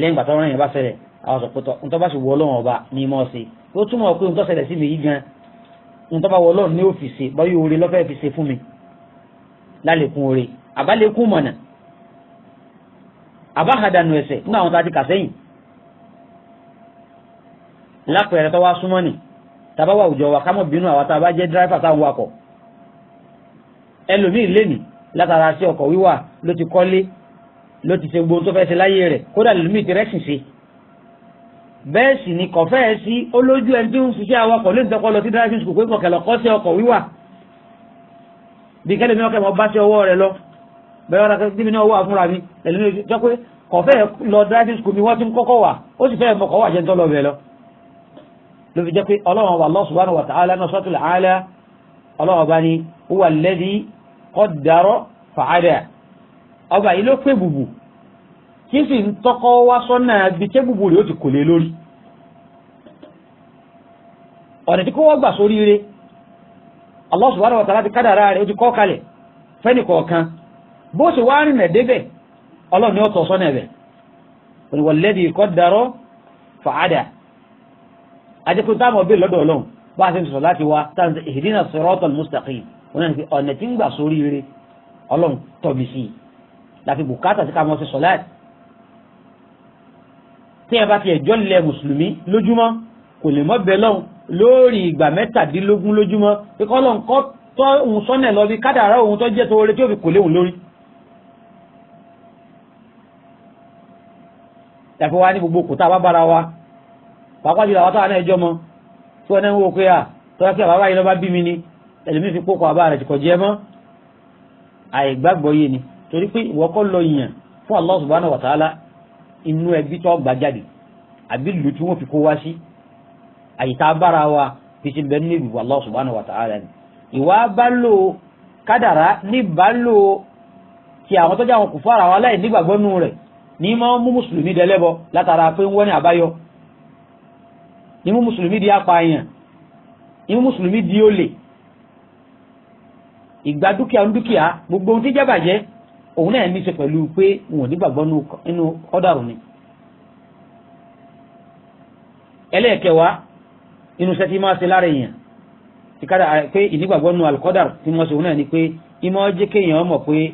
lẹ́yìn ìgbà tọ́rọ̀ yẹn bá ṣẹlẹ̀ àwọn sọ pé n tó bá sì wọ ọlọ́run ọba ni mọ́ ṣe ó túmọ̀ pé n tó ṣẹlẹ̀ sí mi yìí gan n tó bá wọ ọlọ́run ní ó fi ṣe báyọ̀ oore lọ́fẹ́ fi ṣe fún mi lálẹ́kùn oore àbálẹ́kùn mọ̀nà àbáhàdànù ẹ̀sẹ̀ nínú àwọn tá a lápẹ̀rẹ̀ tó wá súnmọ́ wa ká mọ̀ bínú àwa tá a bá jẹ́ ẹlòmíì lẹ́nìí látara sí ọkọ̀ wíwà ló ti kọ́lé ló ti ṣe gbogbo tó fẹ́ ṣe láyé rẹ̀ kódà ẹlòmíì ti rẹ́sìn ṣe bẹ́ẹ̀ sì ni kò fẹ́ẹ́ sí olójú ẹni tí ń ṣiṣẹ́ awakọ̀ ló ń tọ́kọ́ lọ sí driving school pé kọ̀kẹ́ lọ kọ́ sí ọkọ̀ wíwà bí kẹ́lẹ́ mi ọkẹ́ mọ bá sí ọwọ́ rẹ lọ bẹ́ẹ̀ wọ́n rákẹ́ níbi ní ọwọ́ àfúnra mi ẹ̀lú ní ọjọ́ pé kò fẹ́ẹ́ lọ driving school mi wọ́n ti ń kọ́kọ́ wà ó sì fẹ́ẹ́ mọ̀kọ́ wà jẹ́ kọ́dàrọ́ fàádà ọba yìí ló pé bùbù kí sì ń tọ́kọ́ wá sọ́nà bí tẹ́ bùbù rẹ̀ ó ti kò lé lórí ọ̀nà tí kò wọ́n gbà sórí rẹ̀ Allah subhanahu wa ta'ala ti kádàrá rẹ̀ ó ti kọ́ kalẹ̀ fẹ́ni kọ̀ọ̀kan bó ṣe wá rìn nà débẹ̀ ọlọ́run ni ó tọ̀ sọ́nà ẹ̀bẹ̀ walladhi kọ́dàrọ́ fàádà ajẹ́kùn táwọn ọbẹ̀ lọ́dọ̀ ọlọ́run bá a ṣe sọ láti wá táwọn ìhdina siratal mustaqim wọn náà ní pé ọ̀nà tí ń gbà sórí rere ọlọ́run tọ́bi sí i láti bùkátà sí ká mọ́ sí sọ́láàt tí ẹ bá ti ẹ̀jọ́ lẹ mùsùlùmí lójúmọ́ kò lè mọ́ bẹ́ẹ̀ lọ́hùn lórí ìgbà mẹ́tàdínlógún lójúmọ́ pé kọ́lọ́n kọ́ tọ́ òun sọ́nà lọ bí kádàrá òun tó jẹ́ tó oore tí ó fi kò léwu lórí. tàbí wá ní gbogbo kò bá bára wa pàápàá jùlọ àwọn táwọn náà ẹjọ́ mọ tí wọ́n náà ń wo pé à tọ́lá ni ẹlòmíì fi kókò àbá rẹ̀ ti kọjá ẹ mọ́ àìgbàgbọ́ yé ni torí pé ìwọ kọ́ lọ yàn fún Allah subhanahu wa ta'ala inú ẹbí tó gbà jáde àbí lù tí wọ́n fi kó wá sí àyíká bára wa fi ti bẹ níbi Allah subhanahu wa ta'ala ni ìwà bá lò kádàrá ní bá lò ti àwọn tọ́jú àwọn kùfàrà wa láì nígbàgbọ́ nù rẹ̀ ní máa mú mùsùlùmí dẹlẹ́bọ látara pé wọ́n ní àbáyọ ní mú mùsùlùmí di apààyàn ní mú mùsùlùmí di olè ìgbà dúkìá ń dúkìá gbogbo ohun tí jẹ́ bàjẹ́ òun náà ní í ṣe pẹ̀lú pé wọn ò nígbàgbọ́ nínú kọ́dàrú ni. ẹlẹ́ẹ̀kẹwàá inú iṣẹ́ tí máa ṣe lára èèyàn pé ìnígbàgbọ́ nínú alkọ́dàrú tí wọ́n ṣe òun náà ni pé ìmọ̀ jẹ́ kéèyàn mọ̀ pé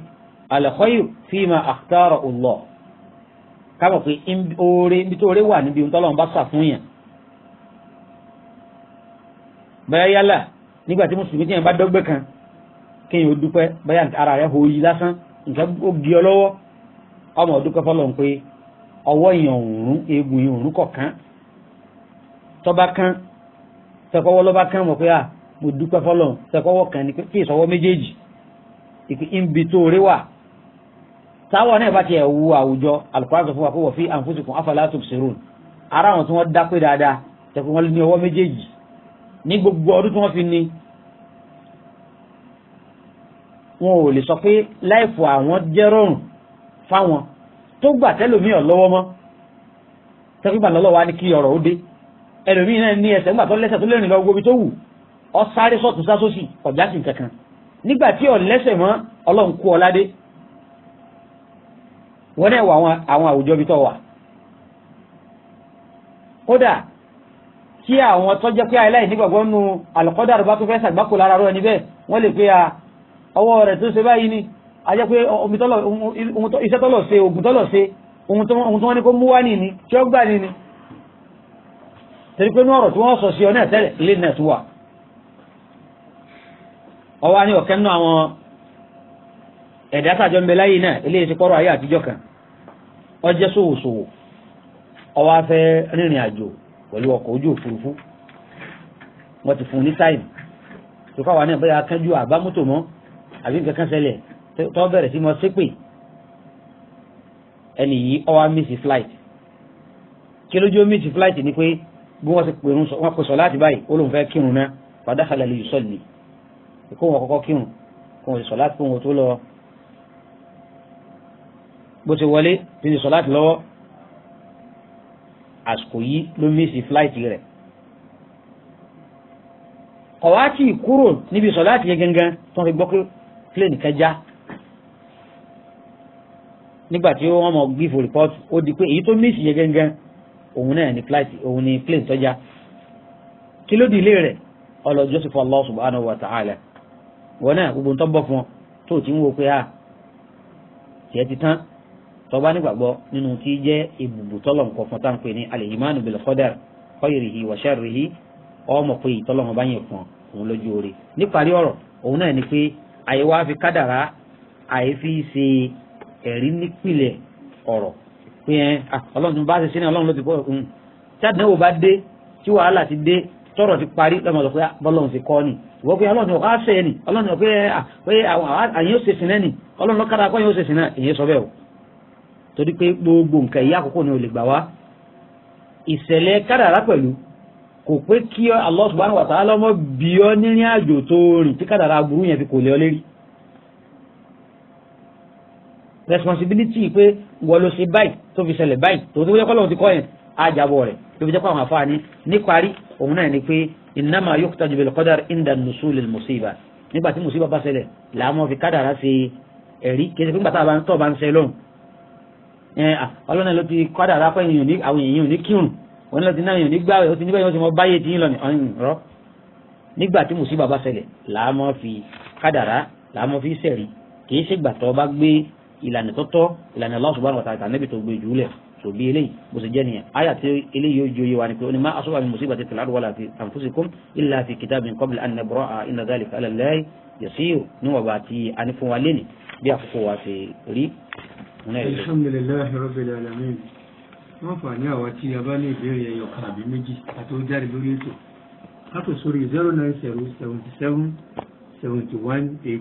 alkhayr fima akhtara Allah kábọ̀ pé oore níbi tó oore wà níbi ohun tọ́lọ́run bá sà fún yàn bẹ́ẹ̀ yálà nígbà tí mùsùlùmí tí bá dọ́gbẹ́ kan kéèyàn ó dúpẹ́ báyà ara rẹ̀ hoyi lásán nǹkan ó gé ọ lọ́wọ́ ọmọ dúpẹ́ fọlọ́n pé ọwọ́ èèyàn òórùn eegun èèyàn òórùn kọ̀ọ̀kan tọ́ba kan sẹ́kọ́wọ́ lọ́ba kan mọ̀ pé à mo dúpẹ́ fọlọ́n sẹ́kọ́wọ́ kan ni pé kí ìsọwọ́ méjèèjì ìpín ibi tó rí wà táwọn náà bá ti ẹ̀ wu àwùjọ alukóra sọ fún wa pé wọ́n fi àǹfóṣùkùn afọlá tó ara àwọn tí wọ́n dápé dáadáa tẹ̀kọ́ wọn ní ọwọ́ méjèèjì ní gbogbo ọdún tí wọ́n fi ní wọn ò lè sọ pé láìfò àwọn jẹ́ rọrùn fáwọn tó gbà tẹ́lòmíì lọ́wọ́ mọ́ tẹ́gbà lọ́lọ́ wa ní kí ọ̀rọ̀ ó dé ẹlòmíì náà ní ẹsẹ̀ ńgbà tó lẹ́sẹ̀ tó lẹ́rìn lọ gbóbi tó wù ọ sáré sọ́tún sásósì ọ̀já sí kankan nígbà tí ọ̀ lẹ́sẹ̀ mọ́ ọlọ́run kú ọládé wọ́n náà wà àwọn àwùjọ bí tó wà kódà kí àwọn tó jẹ́ pé aláìnígbàgbọ́ nu àlùkọ́dà rẹ̀ bá tó fẹ́ sàgbákò lára rọ̀ níbẹ̀ wọ́n lè pe a ọwọ́ rẹ̀ tó ṣe báyìí ni a jẹ́ pé iṣẹ́ tọ́lọ̀ ṣe ogun tọ́lọ̀ ṣe ohun tí wọ́n ní kó mú wá ní ní tí ó gbà ní ni torí pé ní ọ̀rọ̀ tí wọ́n sọ sí ọ náà tẹ́lẹ̀ lè nẹ̀ tó wà ọwọ́ ní ọ̀kẹ́ nínú àwọn ẹ̀dá tàjọ ń bẹ láyé náà ilé iṣẹ́ pọ́rọ̀ ayé àtijọ́ kan ọ jẹ́ ṣòwòṣòwò ọwọ́ afẹ́ rìnrìn àjò pẹ̀lú ọkọ̀ ojú òfurufú wọ́n ti fún ní táìmù tó fáwọn náà bẹ́ẹ̀ akẹ́jú àbámọ́tò mọ́ àbí nǹkan kan ṣẹlẹ̀ tó bẹ̀rẹ̀ sí mọ́ ṣépè ẹni yìí ó wá mísì flight kí lójú ó mísì flight ni pé bí wọ́n ti pèrún wọn kò sọ láti báyìí ó lóun fẹ́ kírun náà padà kalẹ̀ lè sọ ni kó wọn kọ́kọ́ kírun kó wọn sọ láti kó wọn tó lọ bó ti wọlé tó ti sọ láti lọ́wọ́ àsìkò yìí ló mísì flight rẹ̀ kọ̀wá kì í kúrò níbi sọ láti yẹ gangan tó ń fi gbọ́ pé plane kan já nígbà tí wọ́n mọ̀ give report ó di pé èyí tó miss yẹn gẹ́gẹ́ òun náà ni flight òun ni plane tó já kí ló di ilé rẹ̀ ọlọ́jọ́ sì fún Allah subhanahu wa ta'ala wọn náà gbogbo nǹkan bọ̀ fún ọ tó ti ń wo pé a tiẹ̀ ti tán tọba nígbàgbọ́ nínú tí jẹ́ ibùbù tọ́lọ̀ nǹkan fún táǹpé ní al-imanu bil qadar khairihi wa sharrihi ọmọ pé ìtọ́lọ́mọba yẹn fún ọ òun lójú oore níparí ọ̀rọ̀ òun náà ni pé àyíwá fi kádàrá àyífi ṣe ẹ̀rí nípìnlẹ̀ ọ̀rọ̀ pé ẹ ọlọ́run bá ṣe ṣe ní ọlọ́run ló ti bọ́ ọ̀hún um, tí àdánwò bá dé tí wàhálà ti dé tọrọ ti parí lọmọdé pé bọ́lọ́run ti kọ́ ni ìwọ pé ọlọ́run ọ̀hún àṣẹ ni ọlọ́run pé pé àyìn ó ṣe sìn lẹ́ni ọlọ́run lọ́kàdá akọ́yìn ó ṣe sìn èyí sọ bẹ́ẹ̀ o torí pé gbogbo nǹkan ìyá àkókò ni ò lè gbà wá ìṣẹ̀lẹ̀ kádàrá pẹ̀lú kò pé kí Allah subhanahu wa ta'ala lọ́mọ bí ọ nírìn àjò tó rìn tí kàdàrà aburú yẹn fi kò lé ọ lérí. responsibility pé wọ́n ló ṣe báyìí tó fi ṣẹlẹ̀ báyìí tó tó jẹ́ kọ́ ti kọ́ yẹn àjàbọ̀ rẹ̀ tó fi jẹ́ kọ́ àwọn àfáàní níparí òun náà ni pé innama yuqtadu bil qadar inda nusul al musiba nígbà tí musiba bá ṣẹlẹ̀ làwọn fi kàdàrà ṣe ẹ̀rí kí ẹsẹ̀ fún tó bá ń ṣe lóhùn ọlọ́run ló ti kọ́dà rápẹ́ èèyàn ní wọn lọ ti náà yàn nígbà ó ti níbẹ̀ yẹn wọ́n ti mọ báyé tí ń lọ rọ nígbà tí mùsíbà bá ṣẹlẹ̀ làá mọ́ fi kádàrá làá mọ́ fi sẹ̀rí kì í ṣègbà bá gbé ìlànà tọ́tọ́ ìlànà Allah subhanahu wa níbi tó gbé jù lẹ̀ tó bí eléyìí bó ṣe jẹ́ nìyẹn àyà tí eléyìí yóò jó yé wa ni pé ó ní ma asaba min musibati fil ardi wala fi anfusikum illa fi kitabin qabla an nabra'a inna dhalika 'ala wọ́n fà ní àwọn tí a bá ní ìbéèrè ẹyọ kan àbí méjì àti ó jáde lórí ètò látò sórí zero nine zero seventy seven seventy one eight.